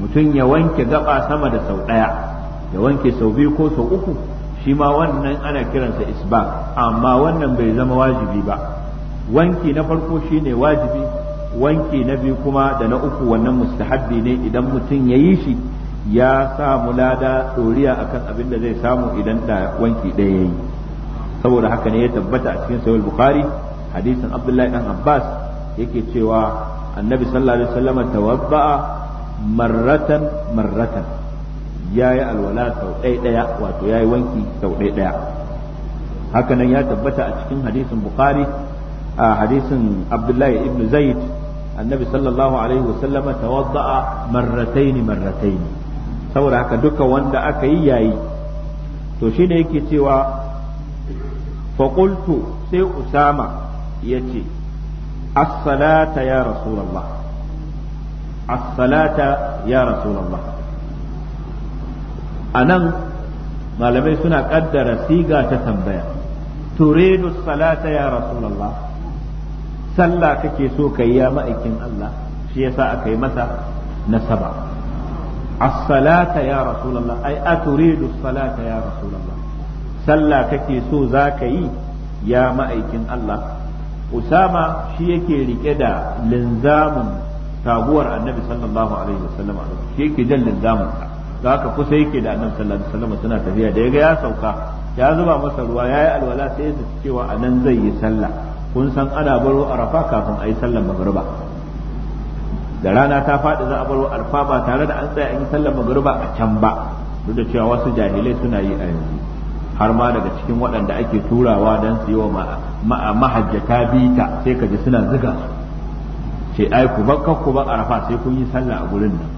B: mutum ya wanke gaba sama da sau daya ya wanke sau biyu ko sau uku shi ma wannan ana kiransa isba amma wannan bai zama wajibi ba wanki na farko shine wajibi wanki na biyu kuma da na uku wannan mustahabbi ne idan mutum ya yi shi ya samu lada ɗoriya akan abin da zai samu idan da wanki ɗaya ya yi saboda haka ne ya tabbata a cikin sahih bukhari hadisin abdullahi dan abbas yake cewa annabi sallallahu alaihi wasallam tawabba'a marratan marratan ya yi alwala sau ɗaya wato ya yi wanki sau ɗaya hakanan ya tabbata a cikin hadisin bukari a hadisin abdullahi ibn zaid annabi sallallahu alaihi wasallama tawadda'a marrataini marrataini saboda haka duka wanda aka yi yayi to shine yake cewa faƙultu sai usama ya ce assalata ya rasulallah assalata ya rasulallah a nan malamai suna kaddara siga ta tambaya turidu salata ya rasulallah, sallah kake so ka yi ya ma'aikin Allah shi yasa aka yi masa nasaba as-salata ya rasulullah ai aturidu salata ya rasulallah, sallah kake so za ka yi ya ma'aikin Allah usama shi yake rike da linzamin taguwar annabi sallallahu alaihi wasallam shi yake jan linzamin sa da ka kusa yake da annabi sallallahu alaihi wasallam suna tafiya da yaga ya sauka ya zuba masa ruwa yayi alwala sai ya cewa anan zai yi sallah kun san ana baro arafa kafin ayi sallar magriba da rana ta faɗi za a baro arfa ba tare da an tsaya an yi sallar magriba a can ba duk da cewa wasu jahilai suna yi a yanzu har ma daga cikin waɗanda ake turawa don su yi wa mahajjata bita sai ka ji suna zuga su ce ai ku bakka ku ba arafa sai kun yi sallah a gurin nan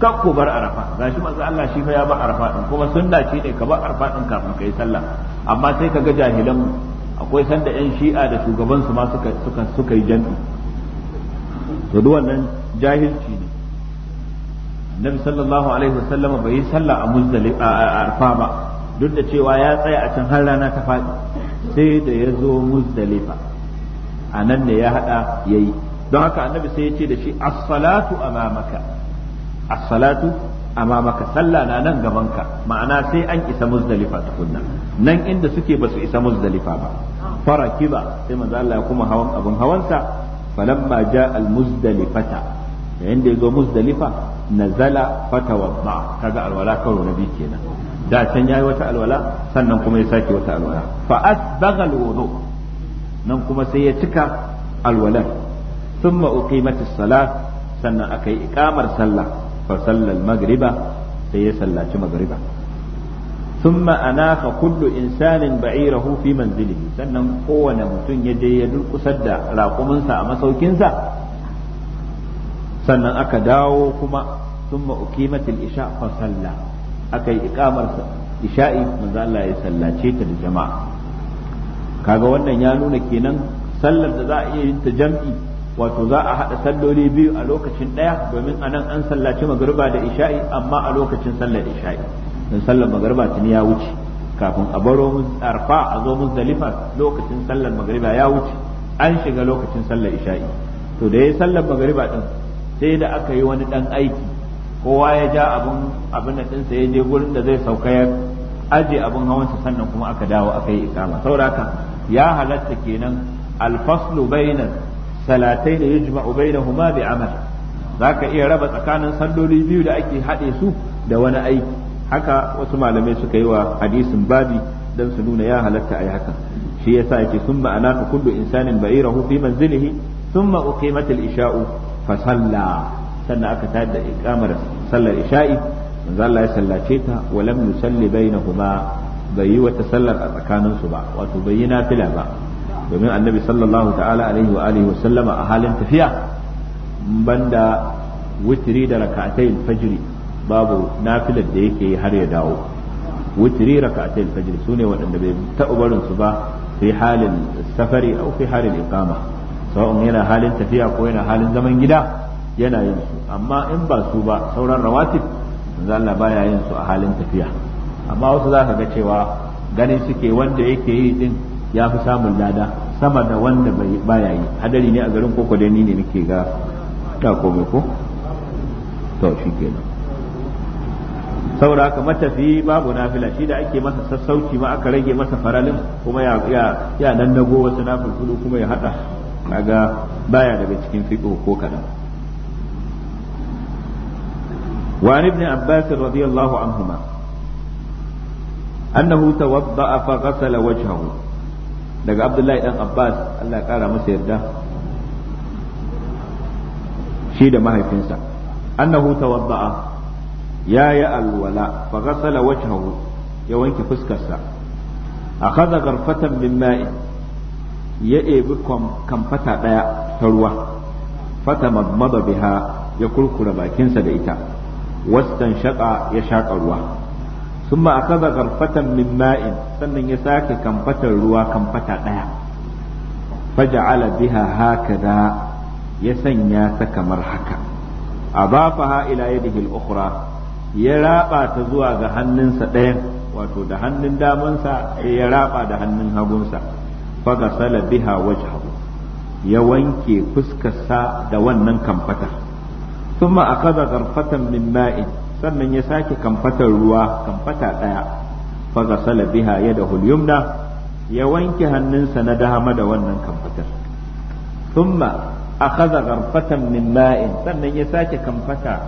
B: kakko ku bar arafa gashi manzo Allah shi fa ya bar arafa din kuma sunna ce ne ka bar arafa din kafin kai sallah amma sai ka kaga jahilan akwai sanda yan shi'a da shugaban su ma suka suka suka yi jan'i to duk wannan jahilci ne annabi sallallahu alaihi wasallam bai yi sallah a muzdali a arafa ba duk da cewa ya tsaya a can har rana ta faɗi sai da ya zo muzdalifa a nan ne ya hada yayi don haka annabi sai ya ce da shi as-salatu amamaka as-salatu maka sallah na nan gaban ka ma'ana sai an isa muzdalifa tukunna nan inda suke basu isa muzdalifa ba farakiba sai manzo Allah ya kuma hawan abun hawansa falamma ja al-muzdalifata yayin da yazo muzdalifa nazala fatawadda kaga alwala karo nabi kenan da can yayi wata alwala sannan kuma ya sake wata alwala fa asbagha al-wudu nan kuma sai ya cika alwalan thumma uqimat as-salah sannan akai iqamar sallah fa sallal magriba sai ya sallaci sun ma'ana ka kullu insanin ba'irahu fi manzilihi sannan kowane mutum ya je ya durkusar da raƙuminsa a masaukinsa sannan aka dawo kuma thumma uqimatil isha fa salla aka yi iqamar isha'i manzo Allah ya sallace ta da jama'a kaga wannan ya nuna kenan sallar da za a iya yin ta jam'i wato za a haɗa salloli biyu a lokacin ɗaya domin a nan an sallaci magariba da isha'i amma a lokacin sallar isha'i don sallar magariba tun ya wuce kafin a baro arfa a zo zalifa lokacin sallar magariba ya wuce an shiga lokacin sallar isha'i to da yayi sallar magariba din sai da aka yi wani dan aiki kowa ya ja abun abin da dinsa ya je gurin da zai sauka ya aje abun sa sannan kuma aka dawo aka yi ikama saboda ya halatta kenan alfaslu bainan salatai da na bainahuma bi amal zaka iya raba tsakanin salloli biyu da ake haɗe su da wani aiki haka wasu malamai suka yi wa hadisin babi dan su nuna ya halatta yi haka shi yasa yake summa ka kullu insanin ba'irahu fi manzilihi summa uqimat al-isha'u fa salla sannan aka tada iqamar sallar isha'i manzo Allah ya sallace ta wa lam yusalli bainahuma bai yi wata sallar a tsakaninsu ba wato bai yi nafila ba domin annabi sallallahu ta'ala alaihi wa alihi wa sallama a halin tafiya banda witiri da rakatai fajiri babu nafilar da yake yi har ya dawo witiri rakatai fajiri sune waɗanda bai taɓa barin su ba fi halin safari au fi halin iqama sawa'un yana halin tafiya ko yana halin zaman gida yana yin su amma in ba su ba sauran rawatib manzo Allah baya yin su a halin tafiya amma wasu za ka ga cewa ganin suke wanda yake yi din ya fi samun lada sama da wanda baya yi hadari ne a garin koko da ni ne nake ga ta komai ko to shi kenan saboda matafi babu nafila shi da ake masa sassauci ma aka rage masa faralin kuma ya ya ya nan wasu nafilfulu kuma ya hada kaga baya daga cikin fiqh ko kadan وعن ابن عباس رضي الله عنهما أنه توضأ فغسل وجهه daga abdullahi dan abbas allah ya kara masa yarda shi da mahaifinsa annahu tawadda'a ya yi alwala fa ghassala wajhahu ya wanke fuskarsa akhadha gharfatan min ma'i ya ebi kamfata daya ta ruwa fata madmada biha ya kurkura bakinsa da ita wastan shaqa ya shaƙa ruwa ثم أخذ غرفة من ماء سنن يساك كمبتا روا كمبتا دايا فجعل بها هكذا يسنيا سكمر حكا أضافها إلى يده الأخرى يراقى تزوى غهنن سدين wato da hannun damansa ya raba da hannun hagunsa fagasala biha wajhahu ya wanke fuskarsa da wannan kamfatar thumma akaza garfatan min sannan ya sake kamfatar ruwa kamfata ɗaya faga sala biha ya da hulyumna ya wanke hannunsa na dama da wannan kamfatar thumma kaza gharfatan min ma'in sannan ya sake kamfata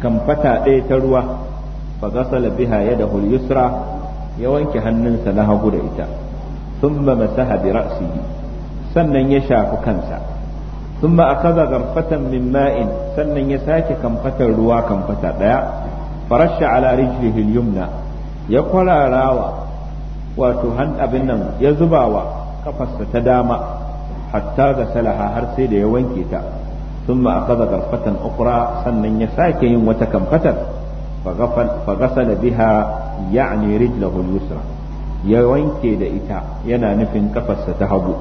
B: kamfata ɗaya ta ruwa faga sala biha ya da hulyusra ya wanke hannunsa na hagu da ita thumma masaha bi ra'sihi sannan ya shafi kansa ثم أخذ غرفة من ماء سنن يساك كمفة الروا كمفة ديا فرش على رجله اليمنى يقول راوى وتهن أبنا يزباوى كفس تداما حتى غسلها هرسيد يوانكيتا ثم أخذ غرفة أخرى سنن يساك يموت كمفة فغفل فغسل بها يعني رجله اليسرى يوانكي دئتا ينا نفن كفس تهبو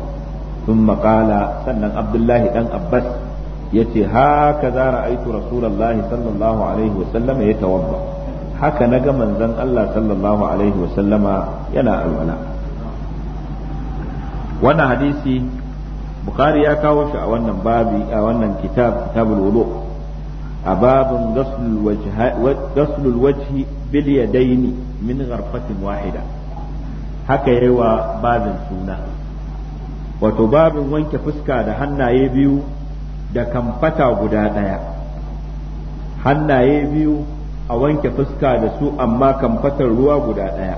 B: ثم قال سنن عبد الله بن عباس يتي هكذا رأيت رسول الله صلى الله عليه وسلم يتوضأ haka na ga manzon Allah sallallahu alaihi wasallama yana alwala wannan hadisi bukhari ya kawo shi a wannan babi a wannan kitab kitabul a babin ghaslul wajhi bil yadaini min gharfatin wahida haka yayi wa babin suna wato babin wanke fuska da hannaye biyu da kamfata guda ɗaya hannaye biyu a wanke fuska da su amma kamfatar ruwa guda ɗaya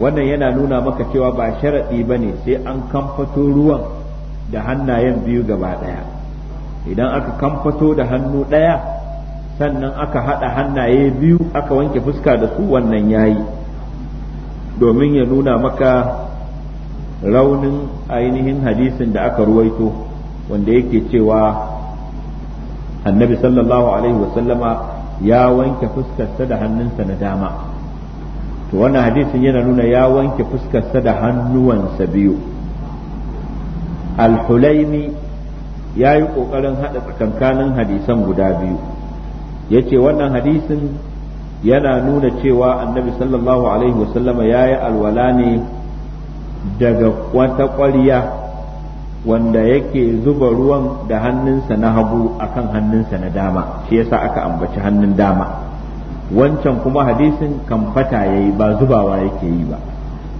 B: wannan yana nuna maka cewa ba sharaɗi ba ne sai an kamfato ruwan da hannayen biyu gaba ɗaya idan aka kamfato da hannu ɗaya sannan aka haɗa hannaye biyu aka wanke fuska da su wannan yayi domin ya nuna maka raunin ainihin hadisin da aka ruwaito wanda yake cewa annabi sallallahu alaihi wasallama ya wanke fuskarsa da hannunsa na dama to wannan hadisin yana nuna ya wanke fuskarsa da hannuwansa biyu al-hulaimi ya yi ƙoƙarin haɗa tsakankanin hadisan guda biyu ya ce wannan hadisin yana nuna cewa annabi sallallahu alaihi wasallama ya yi alwala ne daga wata ƙwariya wanda yake zuba ruwan da hannunsa na hagu akan hannunsa na dama shi yasa aka ambaci hannun dama wancan kuma hadisin kamfata ya yi ba zubawa yake yi ba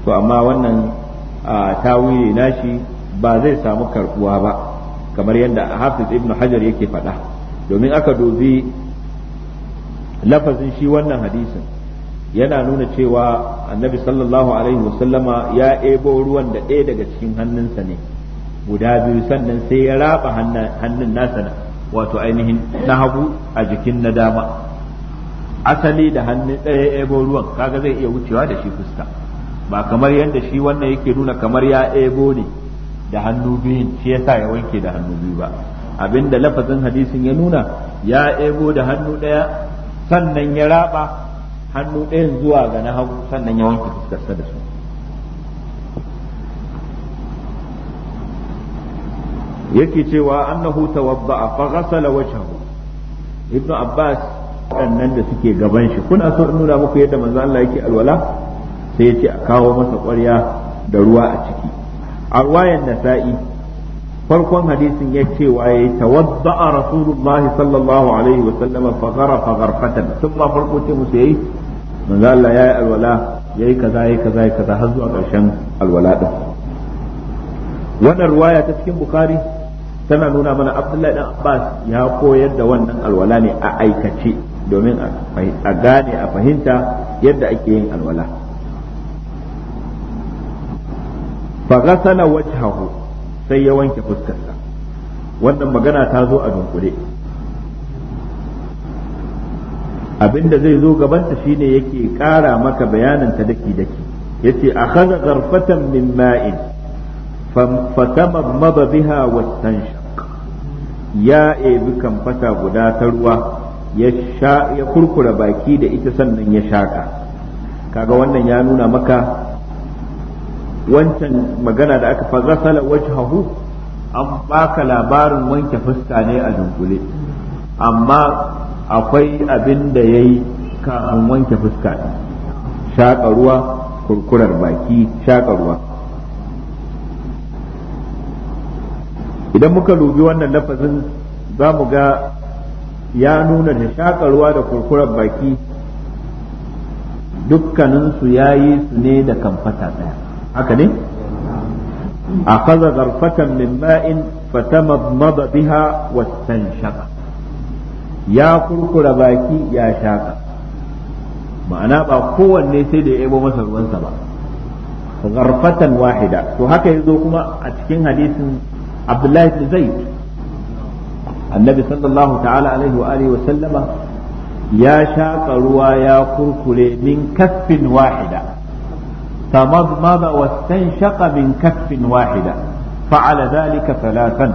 B: to amma wannan tawili nashi ba zai samu karbuwa ba kamar yadda hafiz ibn hajar yake faɗa domin aka dubi lafazin shi wannan hadisin yana nuna cewa annabi sallallahu alaihi wasallama ya ebo ruwan da ɗaya daga cikin hannunsa ne guda biyu sannan sai ya raba hannun nasa na wato ainihin na hagu a jikin na dama asali da hannun ɗaya ebo ruwan kaga zai iya wucewa da shi fuska ba kamar yadda shi wannan yake nuna kamar ya ebo ne da hannu biyun shi yasa ya wanke da hannu biyu ba abinda lafazin hadisin ya nuna ya ebo da hannu ɗaya sannan ya raba hannu ɗayan zuwa ga na hagu sannan ya wanke fuskarsa da su yake cewa annahu tawabba'a fa ghasala wajhahu ibnu abbas waɗannan da suke gaban shi kuna so in nuna muku yadda manzo Allah yake alwala sai ya ce a kawo masa ƙwarya da ruwa a ciki a ruwayan nasa'i farkon hadisin ya ce waye tawadda rasulullahi sallallahu alaihi wa sallama fa gharafa gharfatan sun ma farko ce musu yayi manzo Allah yayi alwala yayi kaza yayi kaza yayi kaza har zuwa ƙarshen alwala din wannan ruwaya ta cikin bukhari tana nuna mana abdullahi dan abbas ya koyar da wannan alwala ne a aikace domin a gane a fahimta yadda ake yin alwala faghasala wajhahu sai ya wanke fuskarsa wannan magana ta zo a dunkule abinda zai zo gabanta shine yake kara maka bayanin ta daki daki yace akhadha zarfatan min ma'in fatamammada biha wastanshaq ya ebi kamfata guda ta ruwa ya kurkura baki da ita sannan ya shaka kaga wannan ya nuna maka wancan magana da aka fagasala wajhahu an baka labarin wanke fuska ne a dunkule amma akwai abin da ya yi kafin wanke fuska shaƙa ruwa kurkurar baki shaƙa ruwa idan muka lubi wannan lafazin za mu ga ya nuna da shaƙa ruwa da kurkurar baki dukkaninsu ya yi su ne da kamfata ɗaya haka ne a kaza zarfatan min ba'in fatamadmada biha wasan shaƙa ya kurkura baki ya shaka ma'ana ba kowanne sai da ya yabo masa ruwansa ba gharfatan wahida to haka zo kuma a cikin hadisin Abdullahi bin Zaid annabi sallallahu ta'ala alaihi wa alihi wa sallama ya shaka ruwa ya kurkure min kaffin wahida فمضمض واستنشق من كف واحدة فعل ذلك ثلاثا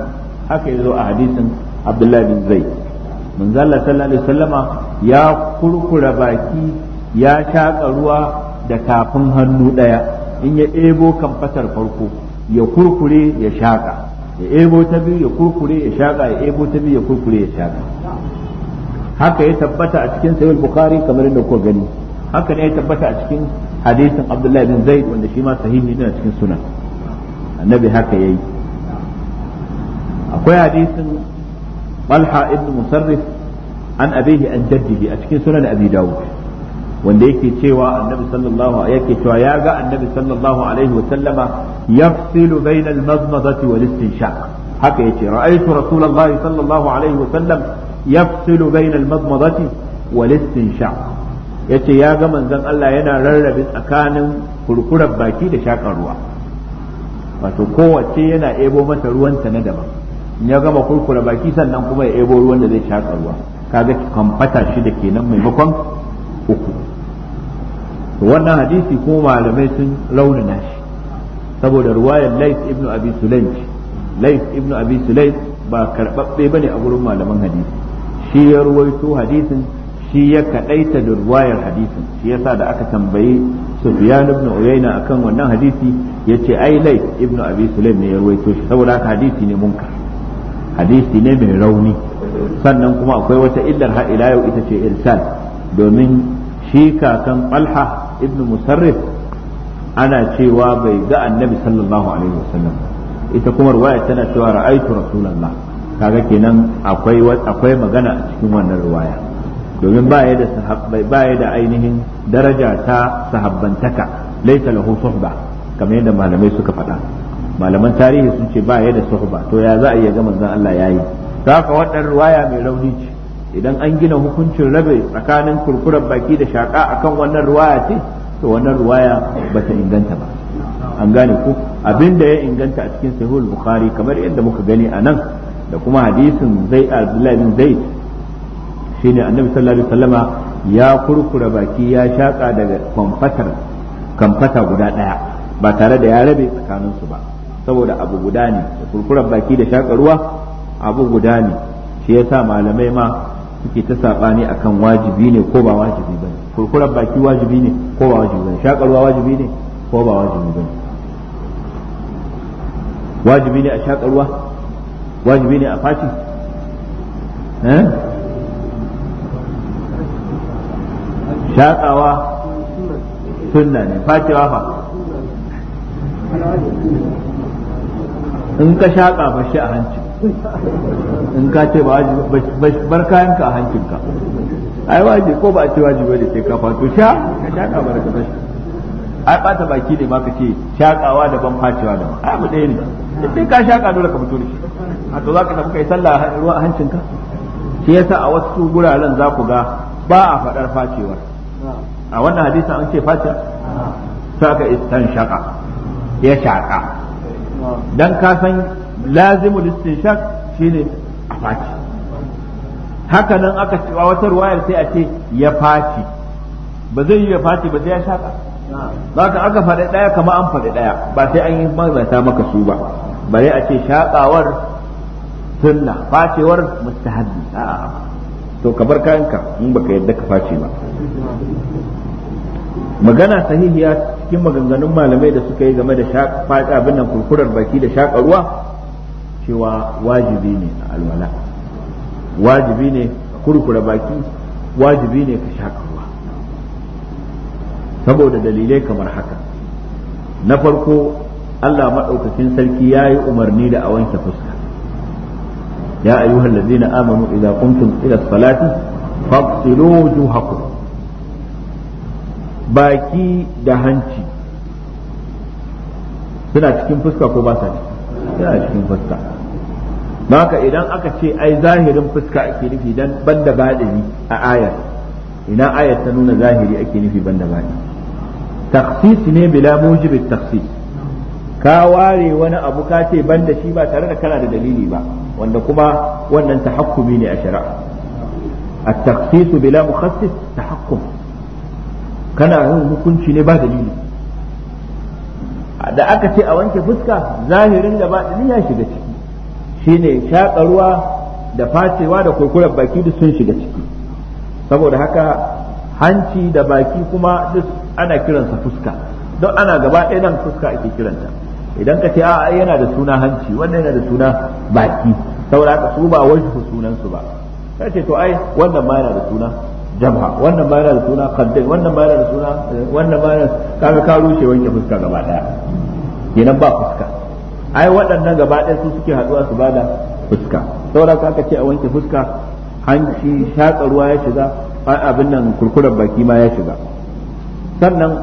B: zo a hadisin Abdullahi بن Zaid. manzala sallallahu alaihi wasallama ya kurkura baki ya shaƙa ruwa da kafin hannu ɗaya in ya ebo kan fatar farko ya kurkure ya shaƙa ya ebo ta biyu ya kurkure ya shaƙa ya ebo ta biyu ya kurkure ya shaƙa haka ya tabbata a cikin sahih bukhari kamar yadda kuka gani haka ne ya tabbata a cikin hadisin abdullahi bin zaid wanda shi ma sahih ne a cikin sunan annabi haka yayi akwai hadisin balha ibn musarrif an abihi an jaddihi a cikin sunan abi dawud wanda yake cewa annabi sallallahu yake cewa ya ga annabi sallallahu alaihi wa sallama yafsilu bayna al-mazmadati wal istinshaq haka yace ra'aytu rasulullahi sallallahu alaihi wa sallam yace ya ga manzon Allah yana rarrabe tsakanin kurkurar baki da shakar ruwa wato kowace yana ebo mata ruwanta na daban ya gama kurkura baki sannan kuma ya ebo ruwan da zai shaƙa ruwa kaga kamfata shi da kenan maimakon uku wannan hadisi ko malamai sun raunana shi saboda ruwayar laif ibn abi sulaim lais ibn abi sulaim ba karbabbe bane a gurin malaman hadisi shi ya ruwaito hadisin shi ya kadaita da ruwayar hadisin shi yasa da aka tambayi sufyan ibn uyayna akan wannan hadisi yace ai lais ibn abi sulaim ya ruwaito shi saboda haka hadisi ne munkar hadisi ne mai rauni sannan kuma akwai wata illar ha ila yau ita ce irsal domin shi kakan talha ibn musarrif ana cewa bai ga annabi sallallahu alaihi wasallam ita kuma riwaya tana cewa ra'aitu rasulullah kaga kenan akwai akwai magana a cikin wannan riwaya domin ba ya da sahabbai ba ya da ainihin daraja ta sahabbantaka laysa lahu suhba kamar yadda malamai suka faɗa malaman tarihi sun ce ba ya da suhba to ya za a iya ga manzon Allah yayi haka wannan ruwaya mai rauni ce idan an gina hukuncin rabe tsakanin kurkurar baki da shaka akan wannan ruwaya ce to wannan ruwaya ba ta inganta ba an gane ku abinda ya inganta a cikin sahihul bukhari kamar yadda muka gani anan, da kuma hadisin zai abdullahi bin zaid shine annabi sallallahu alaihi wasallama ya kurkura baki ya shaka daga kwamfatar kamfata guda ɗaya ba tare da ya rabe tsakaninsu ba saboda abu guda ne da kurkurar baki da shaƙa ruwa abu guda ne shi yasa malamai ma suke ta saɓani akan wajibi ne ko ba wajibi ba ne kurkurar baki wajibi ne ko ba wajibi ba ne shaƙa ruwa wajibi ne ko ba wajibi ba ne wajibi ne a shaƙa ruwa wajibi ne a faci eh?
A: shaƙawa
C: sunna ne facewa ba in ka
B: shaƙa ba shi a hanci in ka ce ba bar ka a hancin ka, ai waje ko ba a ce waje da sai ka fato sha ka shaƙa ba da ka bashi ai bata baki ne ma ka ce shaƙawa daban facewa daban ai abu ɗaya ne sai ka shaƙa dole ka fito da shi a to za ka tafi kai sallah ruwa a ka shi yasa a wasu guraren za ku ga ba a faɗar facewa a wannan hadisi an ce face saka istan shaƙa ya shaƙa dan ka san lazimul istinshaq shine a faci haka nan aka cewa wata ruwayar sai a ce ya faci ba zai yi ya faci ba zai ya shaka za ka aka faɗi ɗaya kama an faɗi ɗaya ba sai an yi mazata maka su ba bare a ce shakawar sunna facewar mustahabbi a'a to ka bar kayanka in baka yadda ka face ba magana sahihiya cikin maganganun malamai da suka yi game da faɗi abin nan kurkurar baki da shaƙa ruwa cewa wajibi ne a alwala wajibi ne a kurkura baki wajibi ne ka shaƙa ruwa saboda dalilai kamar haka na farko Allah maɗaukakin sarki ya yi umarni da a wanke fuska ya ayyuhal ladzina amanu idza qumtum ila salati fagsilu wujuhakum baki da hanci suna cikin fuska ko ba sa ciki suna cikin fuska don haka idan aka ce ai zahirin fuska ake nufi dan banda baɗini a ayar ina ayar ta nuna zahiri ake nufi banda baɗini taksis ne bila mujibin taksis ka ware wani abu ka ce banda shi ba tare da kana da dalili ba wanda kuma wannan tahakkumi ne a shari'a التخصيص بلا مخصص تحكم kana yin hukunci ne ba dalili da aka ce a wanke fuska zahirin da ba dalili ya shiga ciki shine shaƙa ruwa da facewa da kurkurar baki duk sun shiga ciki saboda haka hanci da baki kuma duk ana kiransa fuska don ana gaba ɗaya nan fuska ake kiranta idan ka ce a yana da suna hanci wannan yana da suna baki saboda haka su ba wajhu sunan su ba sai ce to ai wannan ma yana da suna jabha wannan ma da suna kaddai wannan ma da suna eh, wannan ma kaga ka rushe wanke fuska gaba daya kenan ba fuska ai waɗannan gaba daya su suke haɗuwa su bada fuska saboda ka ce a wanke fuska hanci shaƙa ruwa ya shiga abin nan kurkuren baki ma ya shiga sannan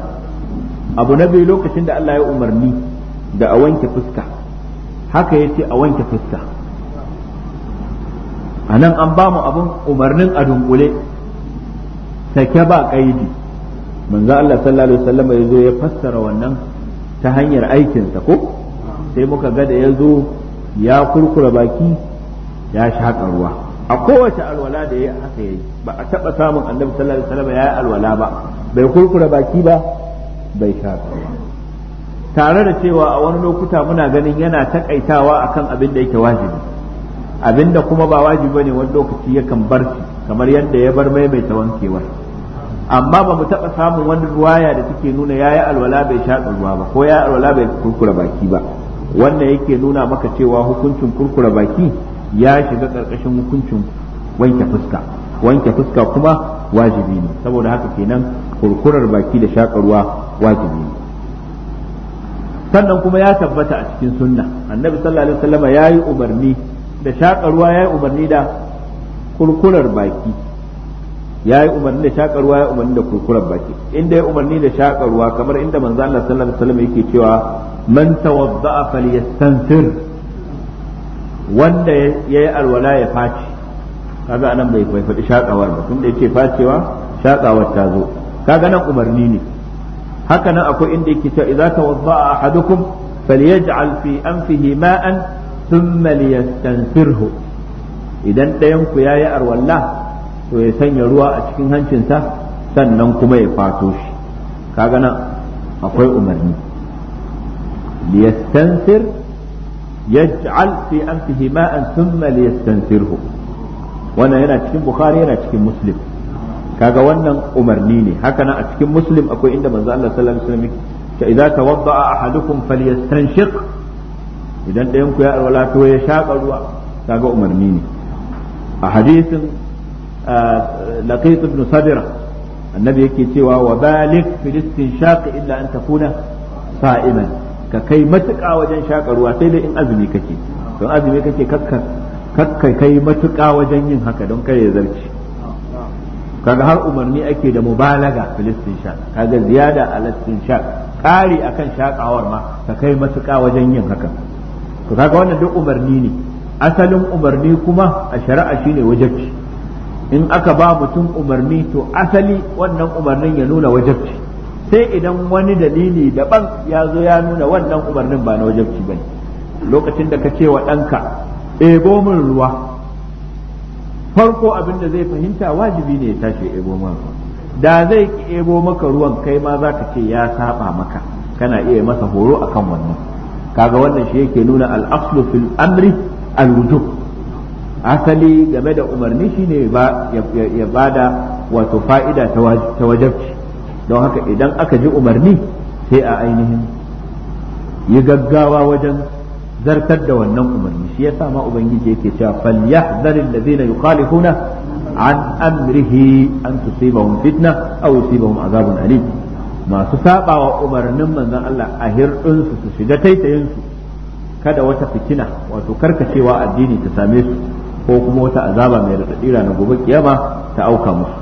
B: abu na biyu lokacin da Allah ya umarni da a wanke fuska haka ya ce a wanke fuska a nan an ba mu abin umarnin a dunkule sake ba kaidi manzo Allah sallallahu alaihi wasallam ya zo ya fassara wannan ta hanyar aikinsa ko sai muka ga da ya zo ya kurkura baki ya shaƙa ruwa a kowace alwala da ya haka yi, ba a taɓa samun annabi sallallahu alaihi wasallam ya yi alwala ba bai kurkura baki ba bai shaƙa ruwa tare da cewa a wani lokuta muna ganin yana takaitawa akan abin da yake wajibi abin da kuma ba wajibi bane wani lokaci yakan bar shi kamar yadda ya bar maimaita wankewar amma ba mu taɓa samun wani ruwaya da take nuna yayi alwala bai sha ruwa ba ko yayi alwala bai kurkura baki ba wannan yake nuna maka cewa hukuncin kurkura baki ya shiga ƙarƙashin hukuncin wanke fuska wanke fuska kuma wajibi ne saboda haka kenan kurkurar baki da shaƙa ruwa wajibi ne sannan kuma ya tabbata a cikin sunna annabi sallallahu alaihi wasallam ya yi umarni da shaƙa ruwa ya yi umarni da kurkurar baki ya yi umarni da shakar ruwa ya umarni da kurkurar baki inda ya umarni da shakar ruwa kamar inda manzo Allah sallallahu alaihi wasallam yake cewa man tawadda'a falyastansir wanda ya yi alwala ya faci kaga anan bai bai faɗi shakawar ba tunda yace facewa shakawar ta zo kaga nan umarni ne haka nan akwai inda yake cewa idza tawadda'a ahadukum falyaj'al fi anfihi ma'an thumma liyastansirhu idan ɗayan ku yayi alwala. to ya sanya ruwa a cikin hancinsa sannan kuma ya fato shi kaga nan akwai umarni liyastansir yaj'al fi anfihi ma'an thumma liyastansirhu wannan yana cikin bukhari yana cikin muslim kaga wannan umarni ne haka nan a cikin muslim akwai inda manzo Allah sallallahu alaihi wasallam ka idza tawadda'a ahadukum falyastanshiq idan ɗayan ku ya alwala to ya shaka ruwa kaga umarni ne a hadisin laqit ibn sabira annabi yake cewa wa balik filistin shaq illa an takuna sa'iman ka kai matuƙa wajen shaƙa ruwa sai dai in azumi kake don azumi kake kakka kakka kai matuka wajen yin haka don kai ya zarci kaga har umarni ake da mubalaga filistin shaq kaga ziyada a listin shaq akan shaƙawar ma ka kai matuƙa wajen yin haka to kaga wannan duk umarni ne asalin umarni kuma a shari'a shine ci. in aka ba mutum umarni to asali wannan umarnin ya nuna wajabci sai idan wani dalili daban ya zo ya nuna wannan umarnin ba na wajabci ba lokacin da ka ce wa ɗanka ebo min ruwa farko abin da zai fahimta wajibi ne ya tashi ebo min ruwa da zai ebo maka ruwan kai ma za ka ce ya saba maka kana iya masa horo akan wannan kaga wannan shi yake nuna al-aslu fil amri al-wujub asali game da umarni shine ya bada wato fa'ida ta wajabci don haka idan aka ji umarni sai a ainihin yi gaggawa wajen zartar da wannan umarni shi yasa ma ubangiji yake cewa falyahzar alladhina yukhalifuna an amrihi an tusibahum fitna aw yusibahum azabun alim masu sabawa umarnin manzon Allah a hirdin su su shiga taitayin kada wata fitina wato karkacewa addini ta same su ko kuma wata azaba mai raɗaɗi na gobe kiyama ta auka musu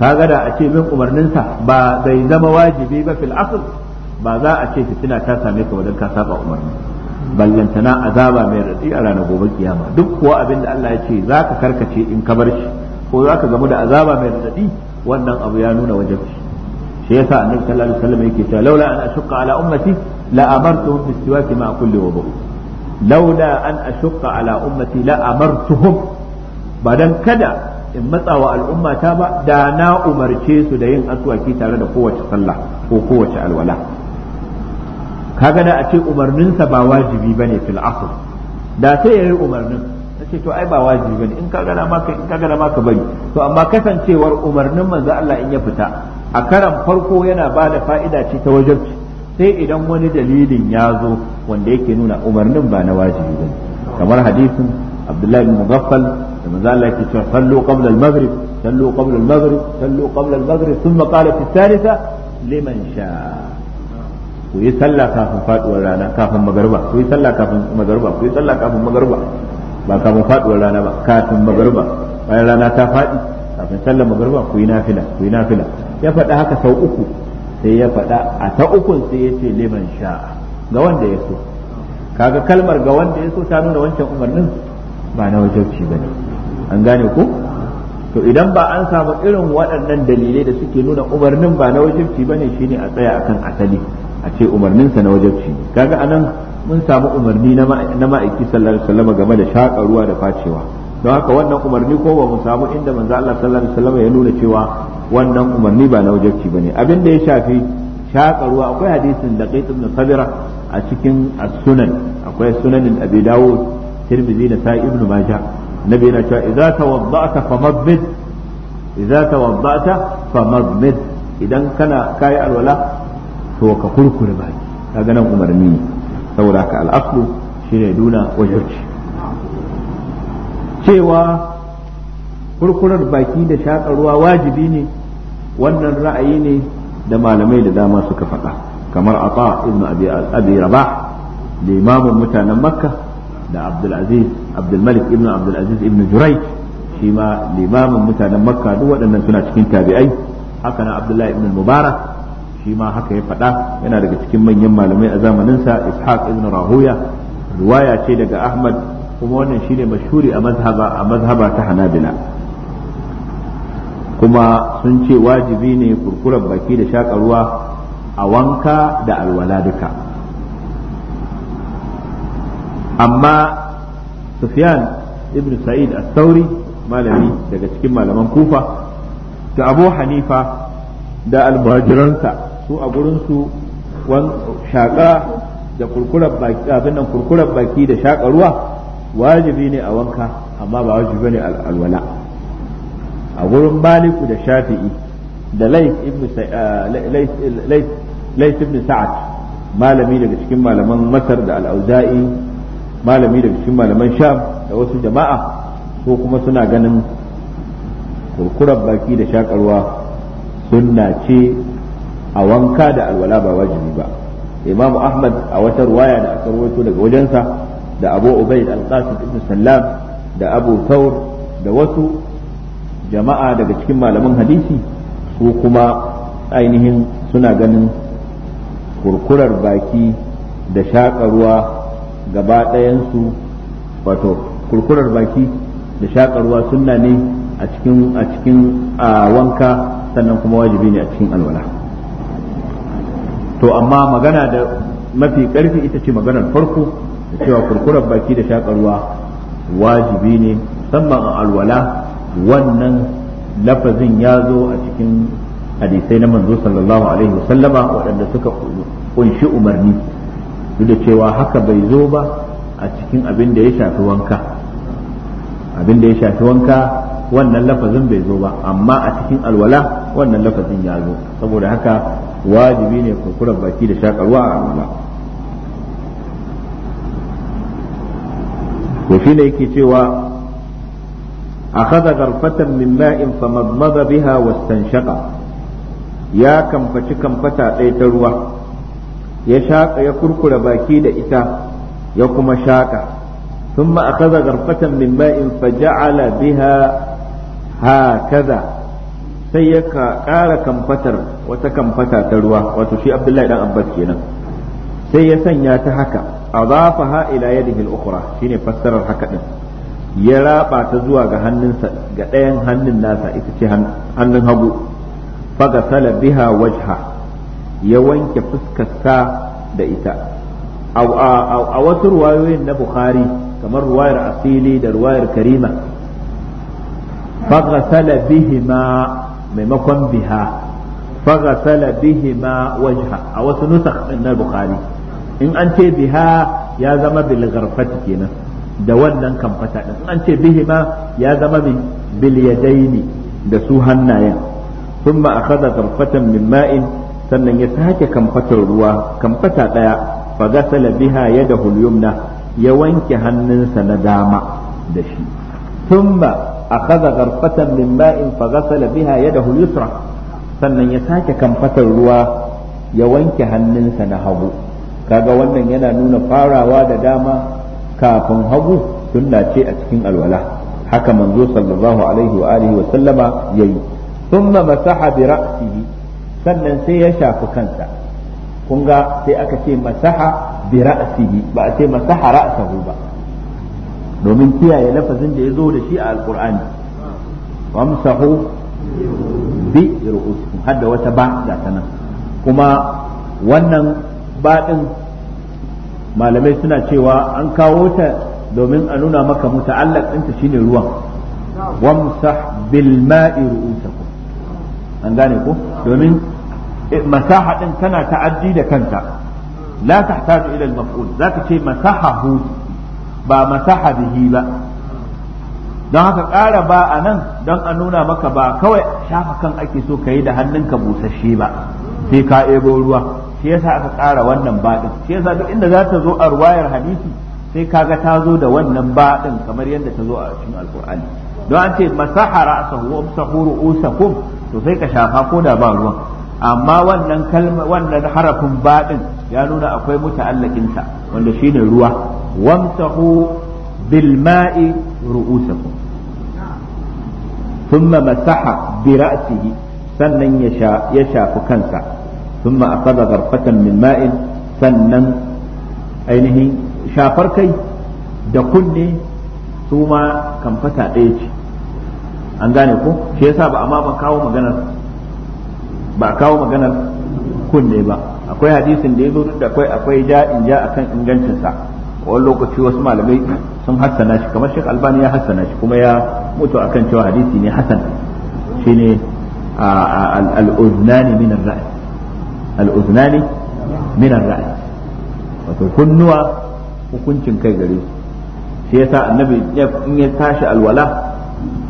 B: kaga da a ce min umarninsa ba bai zama wajibi ba fil ba za a ce fitina ta same ka wajen ka saba umarni ballantana azaba mai raɗaɗi a rana gobe kiyama duk kuwa abin da Allah ya ce za ka karkace in ka bar shi ko zaka ka gamu da azaba mai raɗaɗi wannan abu ya nuna wajen shi shi yasa annabi sallallahu alaihi wasallam yake cewa laula an ashqa ala ummati la amartuhum bi istiwaki ma kulli wudu' laula an ashqa ala ummati la amartuhum ba dan kada in matsa matsawa al'ummata ba da na umarce su da yin aswaki tare da kowace sallah ko kowace alwala kaga da a ce umarninsa ba wajibi bane fil asr da sai yayi umarnin nace to ai ba wajibi bane in kaga na maka in kaga na maka bari to amma kasancewar umarnin manzo Allah in ya fita a karan farko yana bada fa'ida ce ta wajibci sai idan wani dalilin ya zo wanda yake nuna umarnin ba na wajibi ba kamar hadisin abdullahi bin da manzo Allah yake cewa sallu qabla al-maghrib sallu qabla al-maghrib sallu qabla al-maghrib thumma qala fi thalitha liman sha ku yi sallah kafin faduwar rana kafin magariba ku yi sallah kafin magariba ku yi sallah kafin magariba ba kafin faduwar rana ba kafin magariba bayan rana ta fadi kafin sallar magariba ku yi nafila ku yi nafila ya faɗa haka sau uku sai ya faɗa a ta ukun sai ya ce liman sha'a ga wanda ya so kaga kalmar ga wanda ya so ta nuna wancan umarnin ba na wajabci ba ne an gane ku. to idan ba an samu irin waɗannan dalilai da suke nuna umarnin ba na wajabci ba ne shine a tsaya akan asali a ce umarninsa na wajabci kaga anan mun samu umarni na ma'aiki sallallahu alaihi wasallam game da shaƙa ruwa da facewa don haka wannan umarni ko ba mu samu inda manzo Allah sallallahu alaihi wasallam ya nuna cewa wannan umarni ba na wajibi bane abin da ya shafi shaka akwai hadisin da kai ibn sabira a cikin as-sunan akwai sunanin abi dawud tirmidhi da sa'i ibn majah nabi yana cewa idza tawadda'ta famadd idza tawadda'ta famadd idan kana kai alwala to ka kurkure baki kaga nan umarni saboda ka al aqlu shine duna wajibi cewa kurkurar baki da shaƙa ruwa wajibi ne wannan ra'ayi ne da malamai da dama suka faɗa kamar ata ibn abi rabah da imamin mutanen makka da abdulaziz abdulmalik ibn abdulaziz ibn jurai shi ma limamin mutanen makka duk waɗannan suna cikin tabi'ai haka na abdullahi ibn mubarak shi ma haka ya faɗa yana daga cikin manyan malamai a zamaninsa ishaq ibn rahuya riwaya ce daga ahmad kuma wannan shine mashuri a mazhaba a mazhaba ta hanabila kuma sun ce wajibi ne kurkuren baki da shakarwa ruwa a wanka da alwala duka amma sufyan ibn sa'id as-sauri malami daga cikin malaman kufa da abu hanifa da almajiransa su a gurinsu shaƙa da kurkurar baki da shaƙa ruwa wajibi ne a wanka amma ba wajibi ne alwala a gurin maliku da shafi'i da lais ibn sa'ad malami daga cikin malaman masar da al'auza'i malami daga cikin malaman sham da wasu jama'a ko kuma suna ganin kurkurar baki da shakarwa sunna ce a wanka da alwala ba wajibi ba imamu ahmad a wata ruwaya da aka rawaito daga wajensa da abu ubaid al-qasim ibn sallam da abu thawr da wasu jama'a daga cikin malaman hadisi su kuma ainihin suna ganin kurkurar baki da shakarwa gaba ɗayansu wato kurkurar baki da shakarwa ruwa sunna ne a cikin a cikin wanka sannan kuma wajibi ne a cikin alwala to amma magana da mafi ƙarfi ita ce maganar farko da cewa kurkurar baki da shakarwa wajibi ne musamman a alwala wannan lafazin ya zo a cikin hadisai na manzo sallallahu alaihi wasallama waɗanda suka kunshi umarni duk da cewa haka bai zo ba a cikin abin da ya shafi wanka abin da ya shafi wanka wannan lafazin bai zo ba amma a cikin alwala wannan lafazin ya zo saboda haka wajibi ne kurkurar baki da shakarwa a alwala to shine yake cewa akhadha gharfatan min ma'in famadmada biha wastanshaqa ya kamfaci kamfata ɗaya ta ruwa ya shaƙa ya kurkura baki da ita ya kuma shaƙa ثم أخذ غرفة من ماء فجعل بها هكذا sai ya ƙara kamfatar wata kamfata ta ruwa wato shi abdullahi dan abbas kenan sai ya sanya ta haka adafaha ila yadihi al-ukhra shine fassarar haka din ya raba ta zuwa ga hannunsa ga ɗayan hannun nasa ita ce hannun hagu fagasala biha wajha ya wanke fuskarsa da ita a wasu ruwayoyin na bukhari kamar ruwayar asili da ruwayar karima fagasala bihima maimakon biha fagasala bihima wajha a wasu nusa na bukhari in an ce biha ya zama bil gharfati kenan da wannan kamfata din in an ce bihi ma ya zama bil yadaini da su hannayen sun ba a akhadha gharfatan min ma'in sannan ya sake kamfatar ruwa kamfata daya fa gasala biha yadahu al-yumna ya wanke hannunsa na dama da shi Sun ba a akhadha gharfatan min ma'in fa gasala biha yadahu al-yusra sannan ya sake kamfatar ruwa ya wanke hannunsa na hagu kaga wannan yana nuna farawa da dama kafin hagu sunna ce a cikin alwala haka manzo sallallahu alaihi wa alihi wa sallama yayi thumma masaha bi ra'sihi sannan sai ya shafi kansa kun ga sai aka ce masaha bi ra'sihi ba a ce masaha ra'sahu ba domin kiyaye lafazin da ya zo da shi a alqur'ani wamsahu bi ru'usikum hadda wata ba ga kuma wannan baɗin malamai suna cewa an kawo ta domin a nuna maka muta'allaq ɗinta shine ruwan wamsah bil ma'i ru'usakum an gane ko domin eh, masaha ɗin tana ta'addi da kanta la tahtaju ila al maf'ul zaka ce masahahu ba masaha bihi ba don haka ƙara ba a nan don a nuna maka ba kawai shafa kan ake so ka yi da hannunka busasshe ba sai ka ebo ruwa shi yasa aka ƙara wannan baɗin din shi yasa duk inda za ta zo a ruwayar hadisi sai kaga ta zo da wannan baɗin kamar yadda ta zo a cikin alqur'ani don an ce masaha ra'sahu wa amsahu ru'usakum to sai ka shafa ko da ba ruwan amma wannan kalma wannan harafin baɗin ya nuna akwai muta'allakin sa wanda shine ruwa wamsahu bil ma'i ru'usakum masaha مسح برأسه sannan ya shafi kansa ثم أخذ غرفة من ماء سنن ainihin shafar kai da kunne suma ma kamfata ɗaya ce an gane ko shi yasa ba amma ba kawo maganar kawo maganar kunne ba akwai hadisin da ya zo da akwai akwai ja in ja akan ingancinsa. sa wani lokaci wasu malamai sun hassana shi kamar Sheikh Albani ya hassana shi kuma ya mutu akan cewa hadisi ne hasan shine al-uznani min ar-ra's al-uznani min ar kunnuwa hukuncin kai gare shi yasa annabi in ya tashi alwala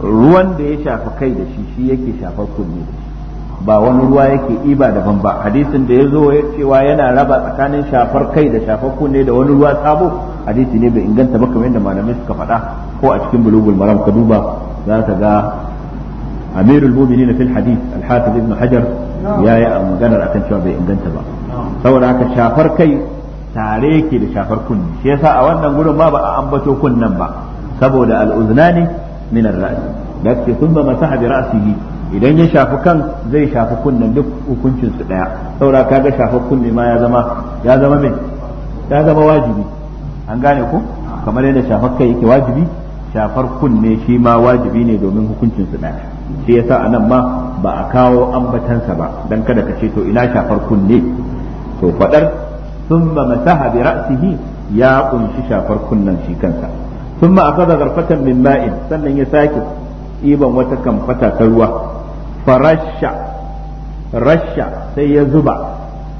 B: ruwan da ya shafa kai da shi shi yake shafar kunne da shi ba wani ruwa yake iba daban ba hadisin da ya zo ya cewa yana raba tsakanin shafar kai da shafar kunne da wani ruwa sabo hadisi ne bai inganta ba kamar yadda malamai suka faɗa ko a cikin bulugul maram ka duba za ka ga amirul mu'minin fil hadith al-hafiz ibn hajar ya yi maganar akan cewa bai inganta ba saboda haka shafar kai tare yake da shafar kunni shi yasa a wannan gurin ma ba a ambato kunnan ba saboda al'uznani min ar-ra's da ke sun thumma masaha bi ra'sihi idan ya shafi kan zai shafi kunnen duk hukuncin su daya saboda kaga shafar kunne ma ya zama ya ya zama wajibi an gane ko kamar yadda shafar kai yake wajibi shafar kunne shi ma wajibi ne domin hukuncinsu su daya shi yasa anan ma ba a kawo ambatansa ba dan kada ka ce to ina shafar kunne to fadar thumma masaha bi ra'sihi ya kunshi shafar kunnen shi kansa thumma aka zarfatan min ma'in sannan ya sake iban wata kamfata ta ruwa farasha rasha sai ya zuba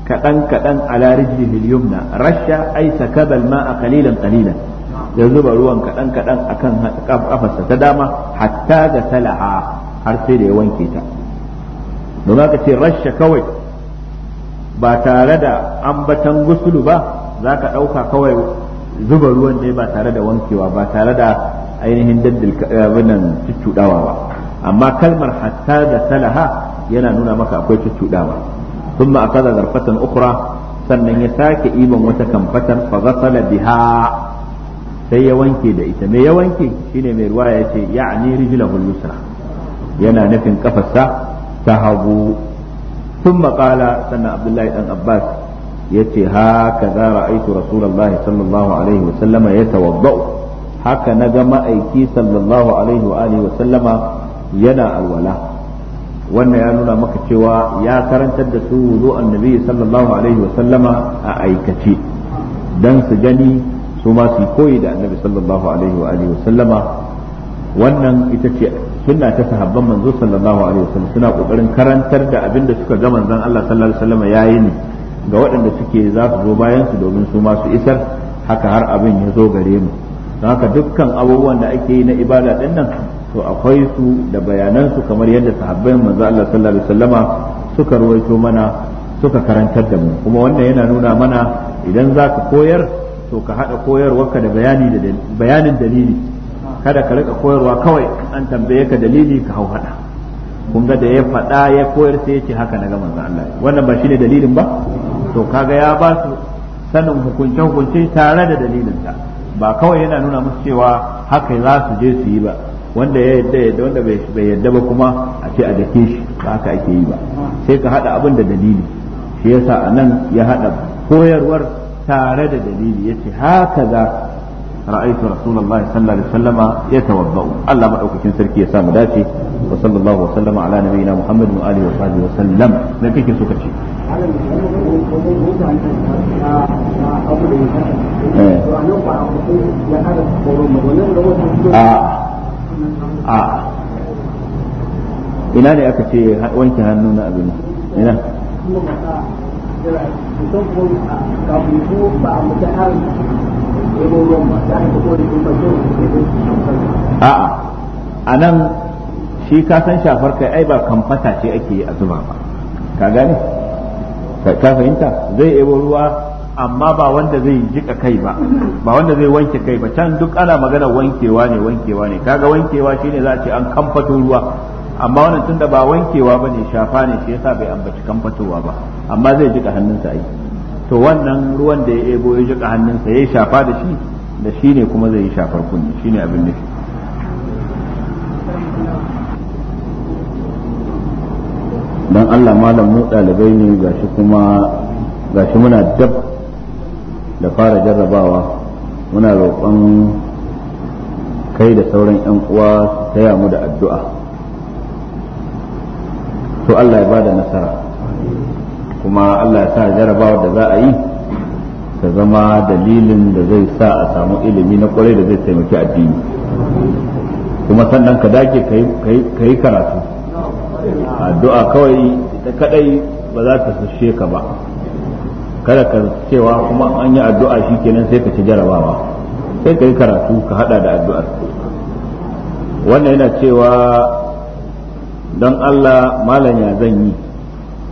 B: kaɗan kaɗan ala rijlihi yumna rasha ai sakabal a kalilan qalilan ya zuba ruwan kaɗan kaɗan akan kafarsa ta dama hatta da talaha har sai da ya wanke ta don haka ce rasha kawai ba tare da ambatan gusulu ba za ka ɗauka kawai zuba ruwan ne ba tare da wankewa ba tare da ainihin dandalan cuccuɗawa ba amma kalmar hatta da salaha yana nuna maka akwai cuccuɗawa ثم أخذ ذرفة ukura sannan ya sake iman wata kamfatar fagasala biha sai ya wanke da ita mai ya wanke shine mai ruwa ya ce ya'ani rijlahul yusra yana nufin kafarsa ta hagu sun maƙala sannan abdullahi dan abbas ya ce haka za ra'aitu rasulullah sallallahu alaihi wa sallama ya tawabba'u haka na ga ma'aiki sallallahu alaihi wa alihi wa sallama yana alwala wannan ya nuna maka cewa ya karantar da su wudu annabi sallallahu alaihi wa sallama a aikace dan su gani su ma su koyi da annabi sallallahu alaihi wa alihi wa sallama wannan ita ce sunna ta sahabban manzo sallallahu alaihi wasallam suna kokarin karantar da abin da suka ga manzon Allah sallallahu alaihi wasallam yayi ne ga waɗanda suke za su zo bayan su domin su ma su isar haka har abin ya zo gare mu don haka dukkan abubuwan da ake yi na ibada din nan to akwai su da bayanan su kamar yadda sahabban manzo Allah sallallahu alaihi wasallama suka ruwaito mana suka karantar da mu kuma wannan yana nuna mana idan za ka koyar to ka haɗa koyarwarka da bayani da bayanin dalili kada ka rika koyarwa kawai an tambaye ka dalili ka hau hada kun ga da ya faɗa ya koyar sai ya ce haka na ga manzon Allah wannan ba shine dalilin ba to kaga ya ba su sanin hukunce hukunce tare da dalilinsa ba kawai yana nuna musu cewa haka za su je su yi ba wanda ya yadda yadda wanda bai yadda ba kuma a ce a dake shi ba haka ake yi ba sai ka hada abin da dalili shi yasa anan ya hada koyarwar tare da dalili yace haka za رأيت رسول الله صلى الله عليه وسلم يتوضأ الله مأوكين سركي يسام داتي وصلى الله وسلم على نبينا محمد وآله وصحبه وسلم لكي سكتشي ina ne aka ce wanke hannu na abin ina
C: ba a mutu har da kuma
B: a'a a nan shi ka san shafar kai ai ba kamfata ce ake yi a zuba ba ka gane ka fahimta zai ebo ruwa amma ba wanda zai jika kai ba ba wanda zai wanke kai ba can duk ana magana wankewa ne wankewa ne kaga wankewa shine za a ce an kamfato ruwa amma wannan tunda ba wankewa ba ne shafa ne shi yasa bai ambaci kan fatowa ba amma zai jika hannunsa ai to wannan ruwan da ya ebo ya jika hannunsa ya shafa da shi da shi ne kuma zai yi shafar kunni shi ne abin nufi don Allah malam mu ɗalibai ne gashi kuma gashi muna dab da fara jarrabawa muna roƙon kai da sauran 'yan uwa su taya mu da addu'a to Allah ya bada nasara kuma Allah ya sa jarabawa da za a yi ta zama dalilin da zai sa a samu ilimi na kwarai da zai taimaki addini kuma sannan ka dake ka yi karatu
C: addu'a
B: kawai ita kadai ba za ta sushe ka ba kada ka cewa kuma an yi addu'a shi kenan sai ka ci jarabawa sai ka yi karatu ka hada da addu'ar wannan yana cewa don Allah malam ya zan yi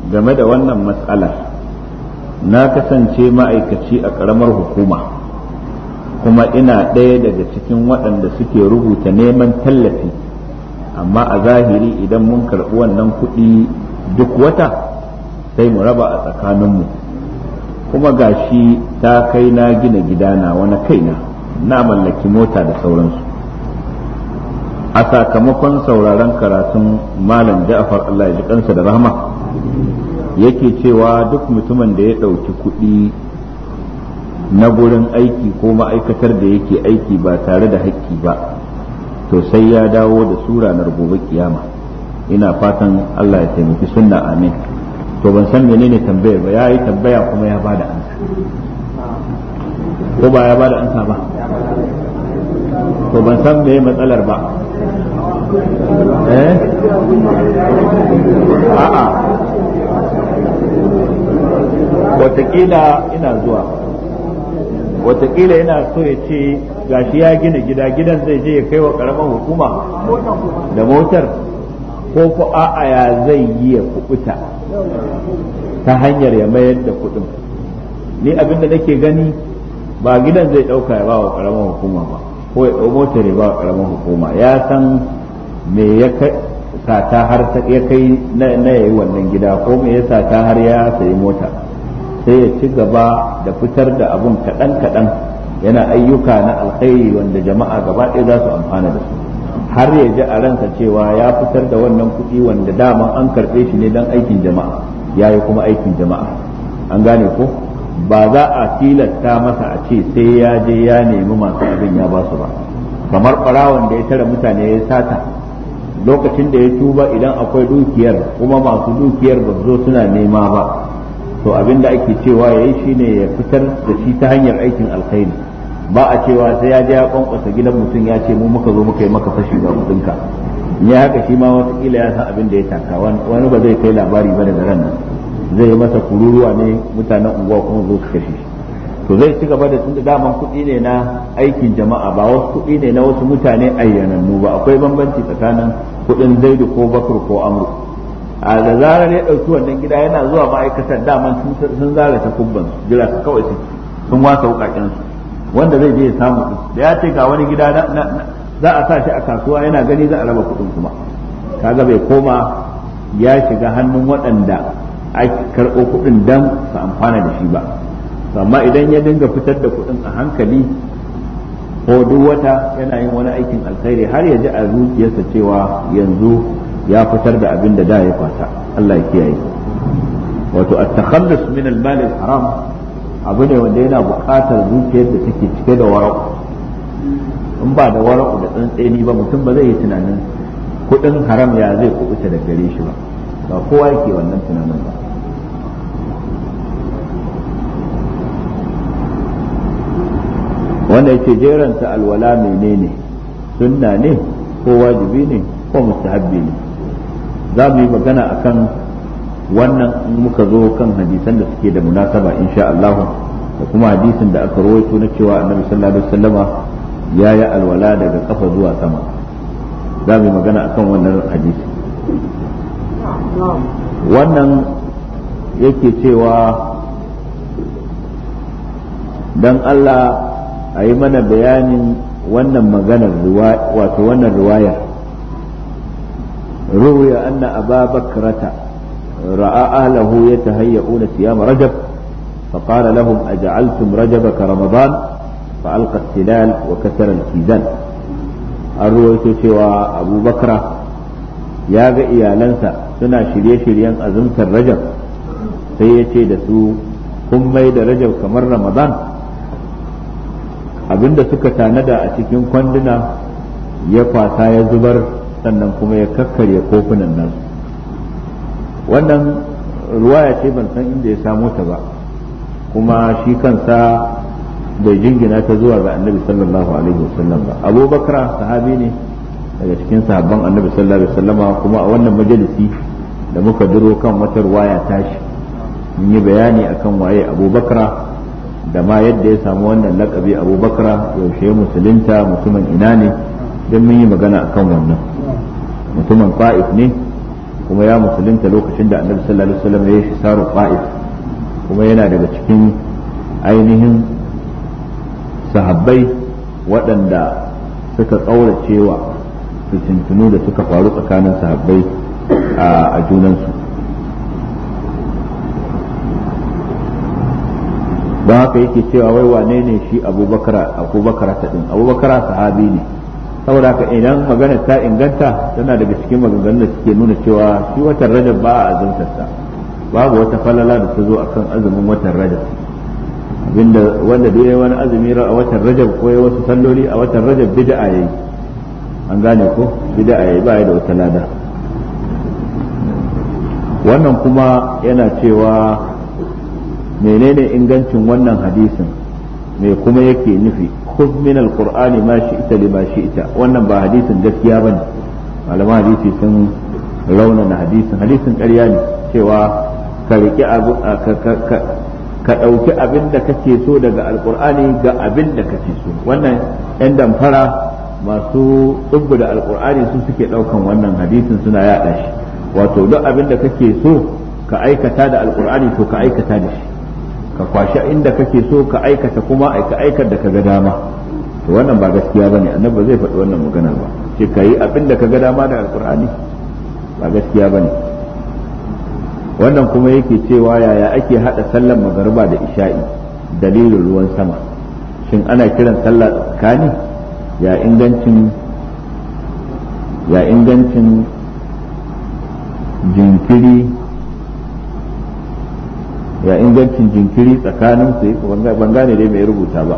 B: game da wannan matsala na kasance ma'aikaci a ƙaramar hukuma kuma ina ɗaya daga cikin waɗanda suke rubuta neman tallafi amma a zahiri idan mun karɓi wannan kuɗi duk wata sai mu raba a tsakaninmu kuma gashi ta kai na gina gidana wani kaina na mallaki mota da sauransu a sakamakon sauraron karatun malam ja'afar Allah ya ji kansa da rahama yake cewa duk mutumin da ya ɗauki kuɗi na gurin aiki ko ma'aikatar da yake aiki ba tare da haƙƙi ba to sai ya dawo da sura na gobe kiyama ina fatan Allah ya taimaki sunna amin to ban san menene tambayar ba Ya yi tambaya kuma ya bada
C: ansa ko ba ya bada ansa ba to ban san meye matsalar ba eh a'a
B: watakila ina zuwa watakila yana so ya ce gashi ya gina gida gidan zai je ya kai wa karamar hukuma da motar ko ko a'a ya zai yi ya kubuta ta hanyar ya mayar da kudin ni abinda nake gani ba gidan zai dauka ya ba wa karamar hukuma ba ko ya dau motar ya ba wa karamar hukuma ya san me ya sata har ya kai na yayi wannan gida ko me ya sata har ya sayi mota sai ya ci gaba da fitar da abun kaɗan kaɗan yana ayyuka na alkhairi wanda jama'a gaba ɗaya za su amfana da su har ya ji a ransa cewa ya fitar da wannan kuɗi wanda dama an karɓe shi ne don aikin jama'a ya yi kuma aikin jama'a an gane ko ba za a tilasta masa a ce sai ya je ya nemi masu abin ya ba su ba kamar ɓarawon da ya tara mutane ya yi sata lokacin da ya tuba idan akwai dukiyar kuma masu dukiyar ba zo suna nema ba to abin da ake cewa yayi shine ya fitar da shi ta hanyar aikin alkhairi ba a cewa sai ya je ya kwankwasa gidan mutum ya ce mu muka zo muka yi maka fashi ga in ya haka shi ma watakila ya san abin da ya taka wani ba zai kai labari ba daga ran nan zai masa kururuwa ne mutanen unguwa kuma zo su kashe shi to zai ci gaba da tunda daman kuɗi ne na aikin jama'a ba wasu kuɗi ne na wasu mutane ayyanannu ba akwai bambanci tsakanin kuɗin zaidu ko bakur ko amru a da zarar ya ɗauki wannan gida yana zuwa ma'aikatar daman sun zara ta kubban jira ka kawai su sun wasa wukaken wanda zai je ya samu da ya ce ga wani gida za a sa shi a kasuwa yana gani za a raba kuɗin kuma kaga bai koma ya shiga hannun waɗanda ake karɓo kuɗin dan su amfana da shi ba amma idan ya dinga fitar da kuɗin a hankali ko duk wata yana yin wani aikin alkhairi har ya ji a zuciyarsa cewa yanzu ya fitar da abin da ya kwata Allah ya kiyaye wato at-takhallus min al-mal haram abu ne wanda yana buƙatar zuciyar da take cike da waraku in ba da waraku da ni ba mutum ba zai yi tunanin kuɗin haram ya zai kubuta da gare shi ba ba kowa yake wannan tunanin ba wanda yake jeranta alwala menene sunna ne ko wajibi ne ko mustahabbi ne za mu yi magana akan wannan in muka zo kan hadisan da suke da munasaba insha Allah da kuma hadisin da aka rawaito na cewa annabi sallallahu alaihi wasallama ya yi alwala daga kafa zuwa sama za mu yi magana akan wannan hadisi wannan yake cewa dan Allah a yi mana bayanin wannan maganar wato wannan ruwaya ruwaya anna aba bakrata ra'a ahlahu yatahayyauna siyam rajab fa qala lahum aj'altum rajab ka ramadan fa alqa tilal wa kasara al-kizan arwayto cewa abu bakra ya ga iyalansa suna shirye-shiryen azumtar rajab sai ya ce da su kun mai da rajab kamar ramadan abinda suka tanada a cikin kwanduna ya kwasa ya zubar sannan kuma ya kakkarya kofunan nan wannan ruwaya ce ban san inda ya samo ta ba kuma shi kansa bai jingina ta zuwa ga annabi sallallahu alaihi wasallam ba abubakar sahabi ne daga cikin sahabban annabi sallallahu alaihi wasallam kuma a wannan majalisi da muka duro kan wata ruwaya tashi mun yi bayani akan waye abubakar da ma yadda ya samu wannan lakabi abubakar yaushe musulunta mutumin ina ne don mun yi magana akan wannan mutumin fa'if ne kuma ya musulunta lokacin da annabi sallallahu alaihi wasallam ya shi saru fa'if kuma yana daga cikin ainihin sahabbai waɗanda suka su tuntunu da suka faru tsakanin sahabbai a junansu don haka yake cewa wai wane ne shi abubakar abubakar ta din abubakar sahabi ne saboda haka idan magana ta inganta tana daga cikin maganganun da suke nuna cewa shi watan rajab ba a sa babu wata falala da ta zo akan azumin watan rajab abinda wanda da yayi wani azumi a watan rajab ko yayi wasu salloli a watan rajab bid'a yayi an gane ko bid'a yayi ba da wata lada wannan kuma yana cewa menene ingancin wannan hadisin me kuma yake nufi khudh min alqur'ani ma shi'ta lima shi'ta wannan ba hadisin gaskiya bane malaman hadisi sun na hadisin hadisin ƙarya ne cewa ka riki abu ka ɗauki abin da kake so daga alkur'ani ga abin da kake so wannan yan damfara masu tsubbu da alkur'ani su suke ɗaukan wannan hadisin suna yaɗa shi wato duk abin da kake so ka aikata da alkur'ani to ka aikata da shi ka kwashi inda kake so ka aikata kuma aika aikar da ka ga dama to wannan ba gaskiya bane annabi zai faɗi wannan magana ba ce kai abin da ga dama da alqur'ani ba gaskiya bane wannan kuma yake cewa yaya ake hada sallar magariba da isha'i dalilin ruwan sama shin ana kiran sallah tsakani ya ingancin ya ingancin jinkiri ya ingancin jinkiri tsakanin su ban gane dai mai rubuta ba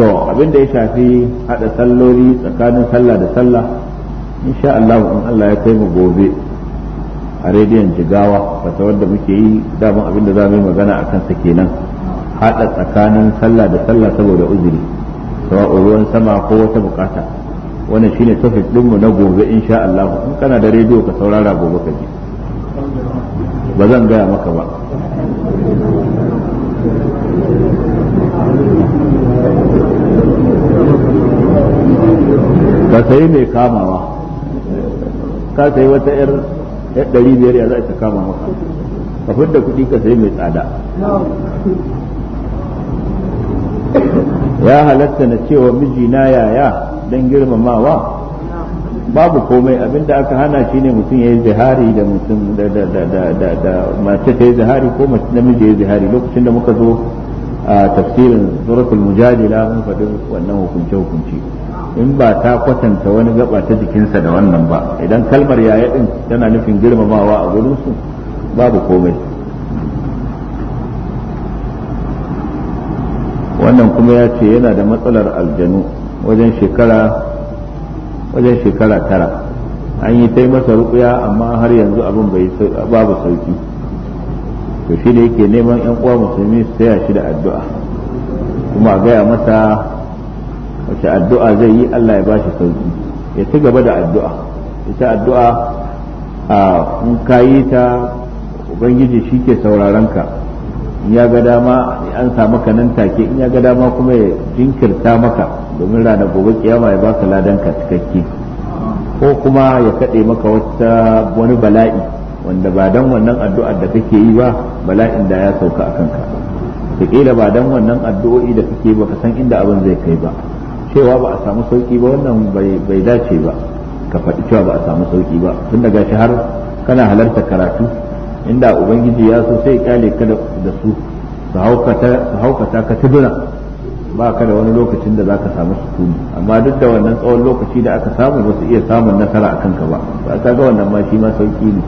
B: to abin da ya shafi hada salloli tsakanin sallah da sallah insha Allah in Allah ya kai mu gobe a rediyon jigawa wata wanda muke yi daman abin da za mu yi magana akan sa kenan hada tsakanin sallah da sallah saboda uzuri sawa'u ruwan sama ko wata bukata wannan shine topic dinmu na gobe insha Allah in kana da rediyo ka saurara gobe ka ji
C: ba zan gaya maka
B: ba ka sayi mai kamawa ka sayi wata 'yar ɗari biyar ya za ta kama maka ka fidda kuɗi ka sayi mai tsada ya halatta na cewa mijina yaya don girmamawa
C: babu komai
B: abinda aka hana shi ne mutum ya yi zihari da mutum da da da da da da mace ta yi zihari ko mace namiji ya yi zihari lokacin da muka zo a tafsirin suratul mujadila mun faɗi wannan hukunce hukunci in ba ta kwatanta wani gaba ta jikinsa da wannan ba idan kalmar yaya din tana nufin girmamawa a gurin su babu komai wannan kuma ya ce yana da matsalar aljanu wajen shekara wajen shekara tara an yi tai masa rukuya amma har yanzu abin bai babu sauki to shi ne yake neman yan uwa musulmi su taya shi da addu'a kuma a gaya masa wace addu'a zai yi Allah ya ba shi sauki ya ci gaba da addu'a ita addu'a a in ka ta ubangiji shi ke sauraron ka ya ga dama an samu nan take in ya ga dama kuma ya jinkirta maka domin rana gobe kiyama ya baka ladan ka cikakke ko kuma ya kaɗe maka wata wani bala'i wanda ba dan wannan addu'ar da kake yi ba bala'in da ya sauka a kanka kila ba dan wannan addu'o'i da kake ba ka san inda abin zai kai ba cewa ba a samu sauki ba wannan bai dace ba ka faɗi cewa ba a samu sauki ba tun daga shi har kana halarta karatu inda ubangiji ya so sai kyale ka da su su haukata ka tibira ba ka da wani lokacin da za ka samu sukuni amma duk da wannan tsawon lokaci da aka samu ba su iya samun nasara a kanka ba ba ta ga wannan ma shi ma sauki ne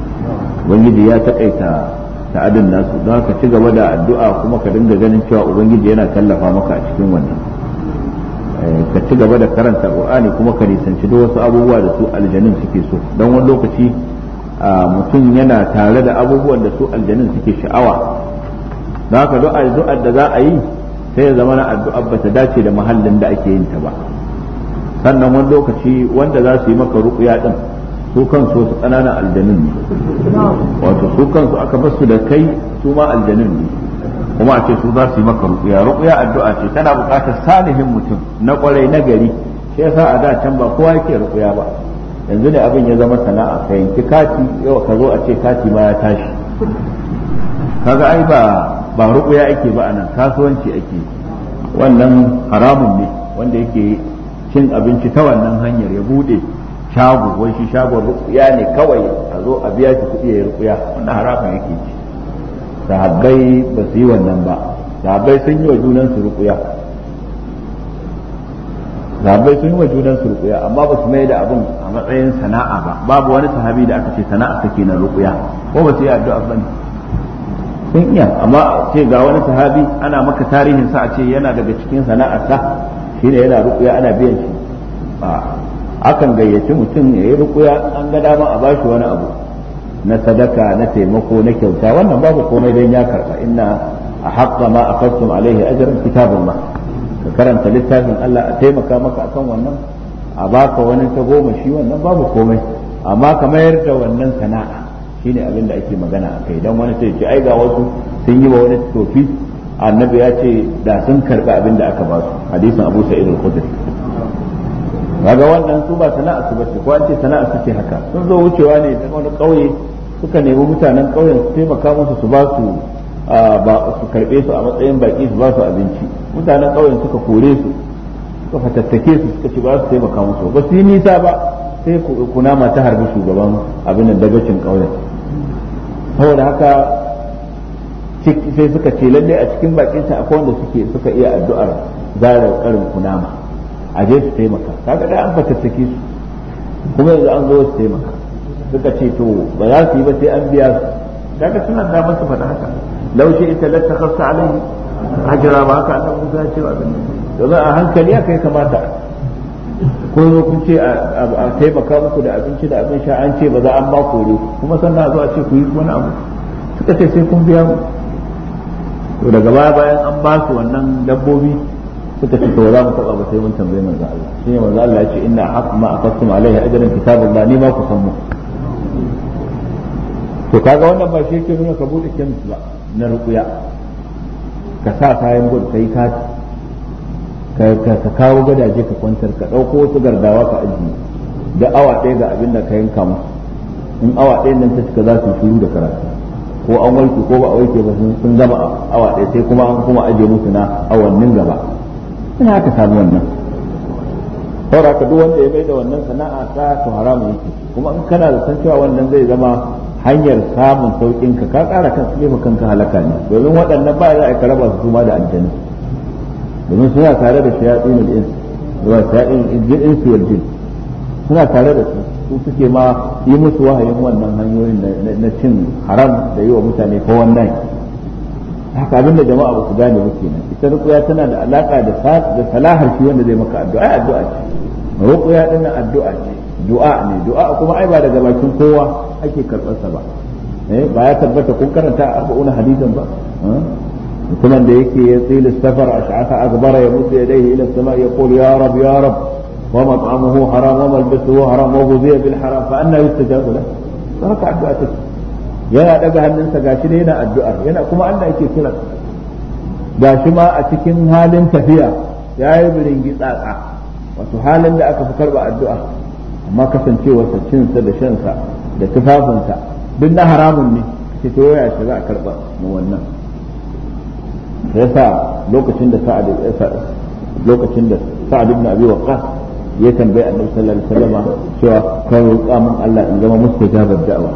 B: ubangiji ya taƙaita adin nasu don ka ci gaba da addu'a kuma ka dinga ganin cewa ubangiji yana tallafa maka a cikin wannan eh, ka ci gaba da karanta qur'ani kuma ka nisanci duk wasu abubuwa da su aljanin suke so don wani lokaci mutum yana tare da abubuwan da su aljanin suke sha'awa za haka duk addu'ar da za a yi sai ya zama na addu'ar ba ta dace da mahallin da ake yin ta ba sannan wani lokaci wanda za su yi maka ruƙuya din su kansu wasu ƙananan aljanin
C: ne wato
B: su kansu aka basu da kai su ma aljanin ne kuma a ce su za su yi maka ruƙuya ruƙuya addu'a ce tana buƙatar salihin mutum na ƙwarai na gari shi yasa a da can ba kowa yake ruƙuya ba yanzu ne abin ya zama sana'a ka yanki kati yau ka zo a ce kati ma ya tashi kaga ai ba ba ruƙuya ake ba anan kasuwanci ake wannan haramun ne wanda yake cin abinci ta wannan hanyar ya bude shago wai shi shagon ruƙuya ne kawai a zo a biya shi kuɗi ya ruƙuya wannan haramun yake ci sahabbai ba su yi wannan ba sahabbai sun yi wa junan su ruƙuya sahabbai sun yi wa junan su ruƙuya amma ba su mai da abin a matsayin sana'a ba babu wani sahabi da aka ce sana'a take na ruƙuya ko ba su yi addu'a ba ne sun iya amma ce ga wani sahabi ana maka tarihin sa a ce yana daga cikin sana'arsa ne yana rukuya ana biyan shi akan gayyaci mutum ya yi rukuya an ga dama a bashi wani abu na sadaka na taimako na kyauta wannan babu komai don ya karba inna a haƙa ma akastum alaihi ajran kitabun ma ka karanta littafin Allah a taimaka maka akan wannan a baka wani ta goma shi wannan babu komai amma ka mayar da wannan sana'a shine abin da ake magana a kai don wani sai ce ai ga wasu sun yi wa wani tofi annabi ya ce da sun karɓi abin da aka ba su hadisin abu sa'id al-khudri kaga wannan su ba sana'a su bace ko an ce sana'a su ce haka sun zo wucewa ne daga wani ƙauye suka nemi mutanen ƙauyen su taimaka musu su ba su ba su karɓe su a matsayin baki su ba su abinci mutanen ƙauyen suka kore su suka fatattake su suka ci ba su taimaka musu ba su yi nisa ba sai kunama ta harbi shugaban abin da dagacin ƙauyen saboda haka sai suka ce lalle a cikin bakinta akwai wanda suke suka iya addu'ar zarar karin kunama a je su taimaka kaga da an saki su kuma yanzu an zo su taimaka suka ce to ba za su yi ba sai an biya su kaga suna da masu fada haka laushe ita latta khassa alai hajira ba haka annabi Musa cewa ce a hankali haka yi kamata ko kun ce a taimaka muku da abinci da abin sha an ce ba za an ba kore kuma sannan a zo a ce ku yi wani abu suka ce sai kun biya mu to daga baya bayan an ba su wannan dabbobi suka ce to za mu taba ba sai mun tambaye manzo Allah shi ne manzo Allah ya ce inna haqq ma aqastum alaihi ajran kitabullah ni ma ku san mu to kaga wannan ba shi yake nuna ka bude kemis ba na ruqya ka sa kayan gud kai kati ka kawo gadaje ka kwantar ka ɗauko wasu gardawa ka ajiye da awa ɗaya ga abin da ka yanka musu in awa ɗaya nan ta cika za su shiru da karatu ko an wanke ko ba a wanke ba sun zama awa ɗaya sai kuma an kuma ajiye musu na awannin gaba ina ka samu wannan saura ka duk wanda ya mai da wannan sana'a ta to haramu yake kuma in kana da san cewa wannan zai zama hanyar samun sauƙin ka ka ƙara kan su kanka halaka ne domin waɗannan ba za a raba su kuma da aljanna domin suna tare da shayatin al zuwa wa shayatin suna tare da su su suke ma yi musu wahayin wannan hanyoyin na cin haram da yi wa mutane ko wannan haka abinda jama'a ba su gane ba kenan ita rukuya tana da alaka da salahar shi wanda zai maka addu'a addu'a ce rukuya din addu'a ce du'a ne du'a kuma ai ba daga bakin kowa ake karɓarsa ba eh ba ya tabbata kun karanta arba'una hadisan ba eh? mutumin da yake ya tsili safar a ash'asa akbara ya mutu yadayhi ila as-sama'i yaqulu ya rab ya rab wa mat'amuhu haram wa malbasuhu haram wa ghudhiya bil haram fa anna yustajabu lahu to haka addu'a take yana daga hannunsa gashi ne yana addu'a yana kuma Allah yake kira gashi ma a cikin halin tafiya yayi biringi tsatsa wato halin da aka fi karba addu'a amma kasancewarsa cinsa da shansa da tufafinsa duk na haramun ne ce ya shi za a karba mu wannan yasa lokacin da sa'ad lokacin da sa'ad ibn abi waqqas ya tambayi annabi sallallahu alaihi wasallam cewa ka roƙa min Allah in zama mustajabar da'awa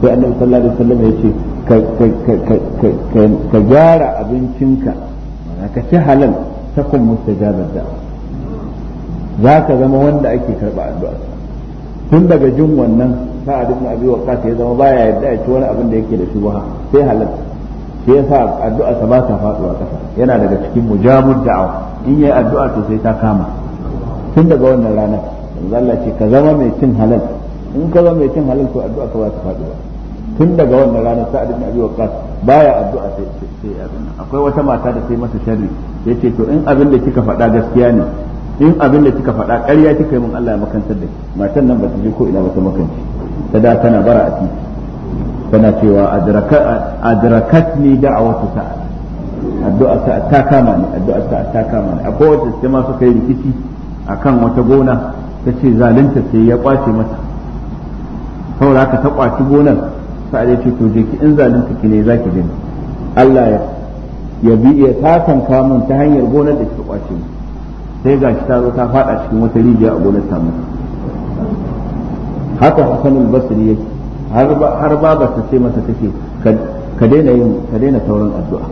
B: sai annabi sallallahu alaihi wasallam ya ce ka gyara abincinka ka ci halal ta kun mustajabar da'awa za ka zama wanda ake karɓa addu'a tun daga jin wannan sa'ad ibn abi waqqas ya zama baya yadda ya ci wani abin da yake da shubha sai halal ya yasa addu'a ta ba ta faduwa kasa yana daga cikin mujamun da'awa in yayi addu'a to sai ta kama tun daga wannan rana yanzu Allah ce ka zama mai cin halal in ka zama mai cin halal to addu'a ka ba ta faduwa tun daga wannan rana sa'ad ibn abi waqqas baya addu'a sai sai abin akwai wata mata da sai masa sharri yace to in abin da kika faɗa gaskiya ne in abin da kika faɗa ƙarya kika yi min Allah ya makantar da ki matan nan ba ta je ko ina ba ta makanci ta da tana bara a titi tana cewa a wata sa'ad addu'a sa'ad ta kama ne addu'a sa'ad ta kama ne akwai kowace ta ma suka yi rikici akan wata gona ta ce zalunta sai ya kwace mata saboda ka ta kwaci gonar sa'ad ya ce to je in zalunta ki ne za ki gani Allah ya ya bi ya tasan min ta hanyar gonar da kika kwace mu sai gashi ta zo ta fada cikin wata rijiya a gonar ta mata haka Hassan al-Basri yake har ba ta ce masa take ka daina yin ka daina sauran addu'a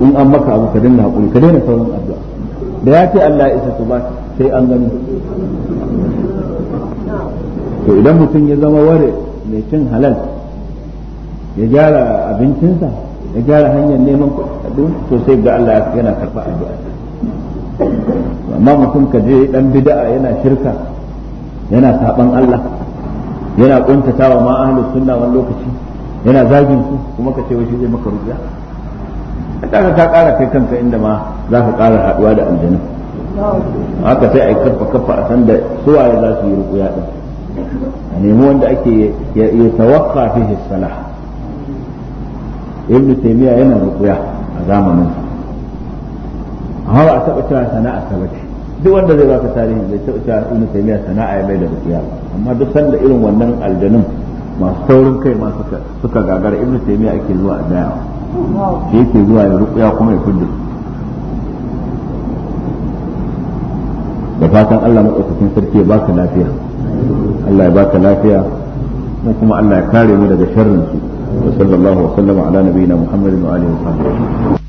B: in an maka abu ka daina hakuri ka daina sauran addu'a da ya ce Allah isa su ba sai an gani to idan mutum ya zama ware mai cin halal ya gyara abincinsa ya gyara hanyar neman kuɗi to sai ga Allah yana karba addu'a amma mutum ka je dan bid'a yana shirka yana saban Allah yana kuntatawa ma ahlus sunna wani lokaci yana zagin su kuma ka ce wai shi zai maka rubiya kaga ka kara kai kanka inda ma za ka kara haduwa da aljanna haka sai a yi kafa kafa a san da suwaye za su yi rukuya din a nemi wanda ake ya tawakka fi salah ibnu taymiya yana rukuya a zamanin sa amma ba a taba cewa sana'a ta bace duk wanda zai baka tarihi zai taba cewa ibnu taymiya sana'a ya bai da rukuya ba amma duk sanda irin wannan aljanun masu saurin kai ma suka suka gagara ibnu taymiya ake zuwa a daya shi yake zuwa ya rukuya kuma ya kudu da fatan Allah madaukakin sarki ya ka lafiya Allah ya ba ka lafiya
C: mu kuma Allah ya kare mu daga sharrin su wa sallallahu wa sallama ala nabiyina muhammadin wa alihi wa sahbihi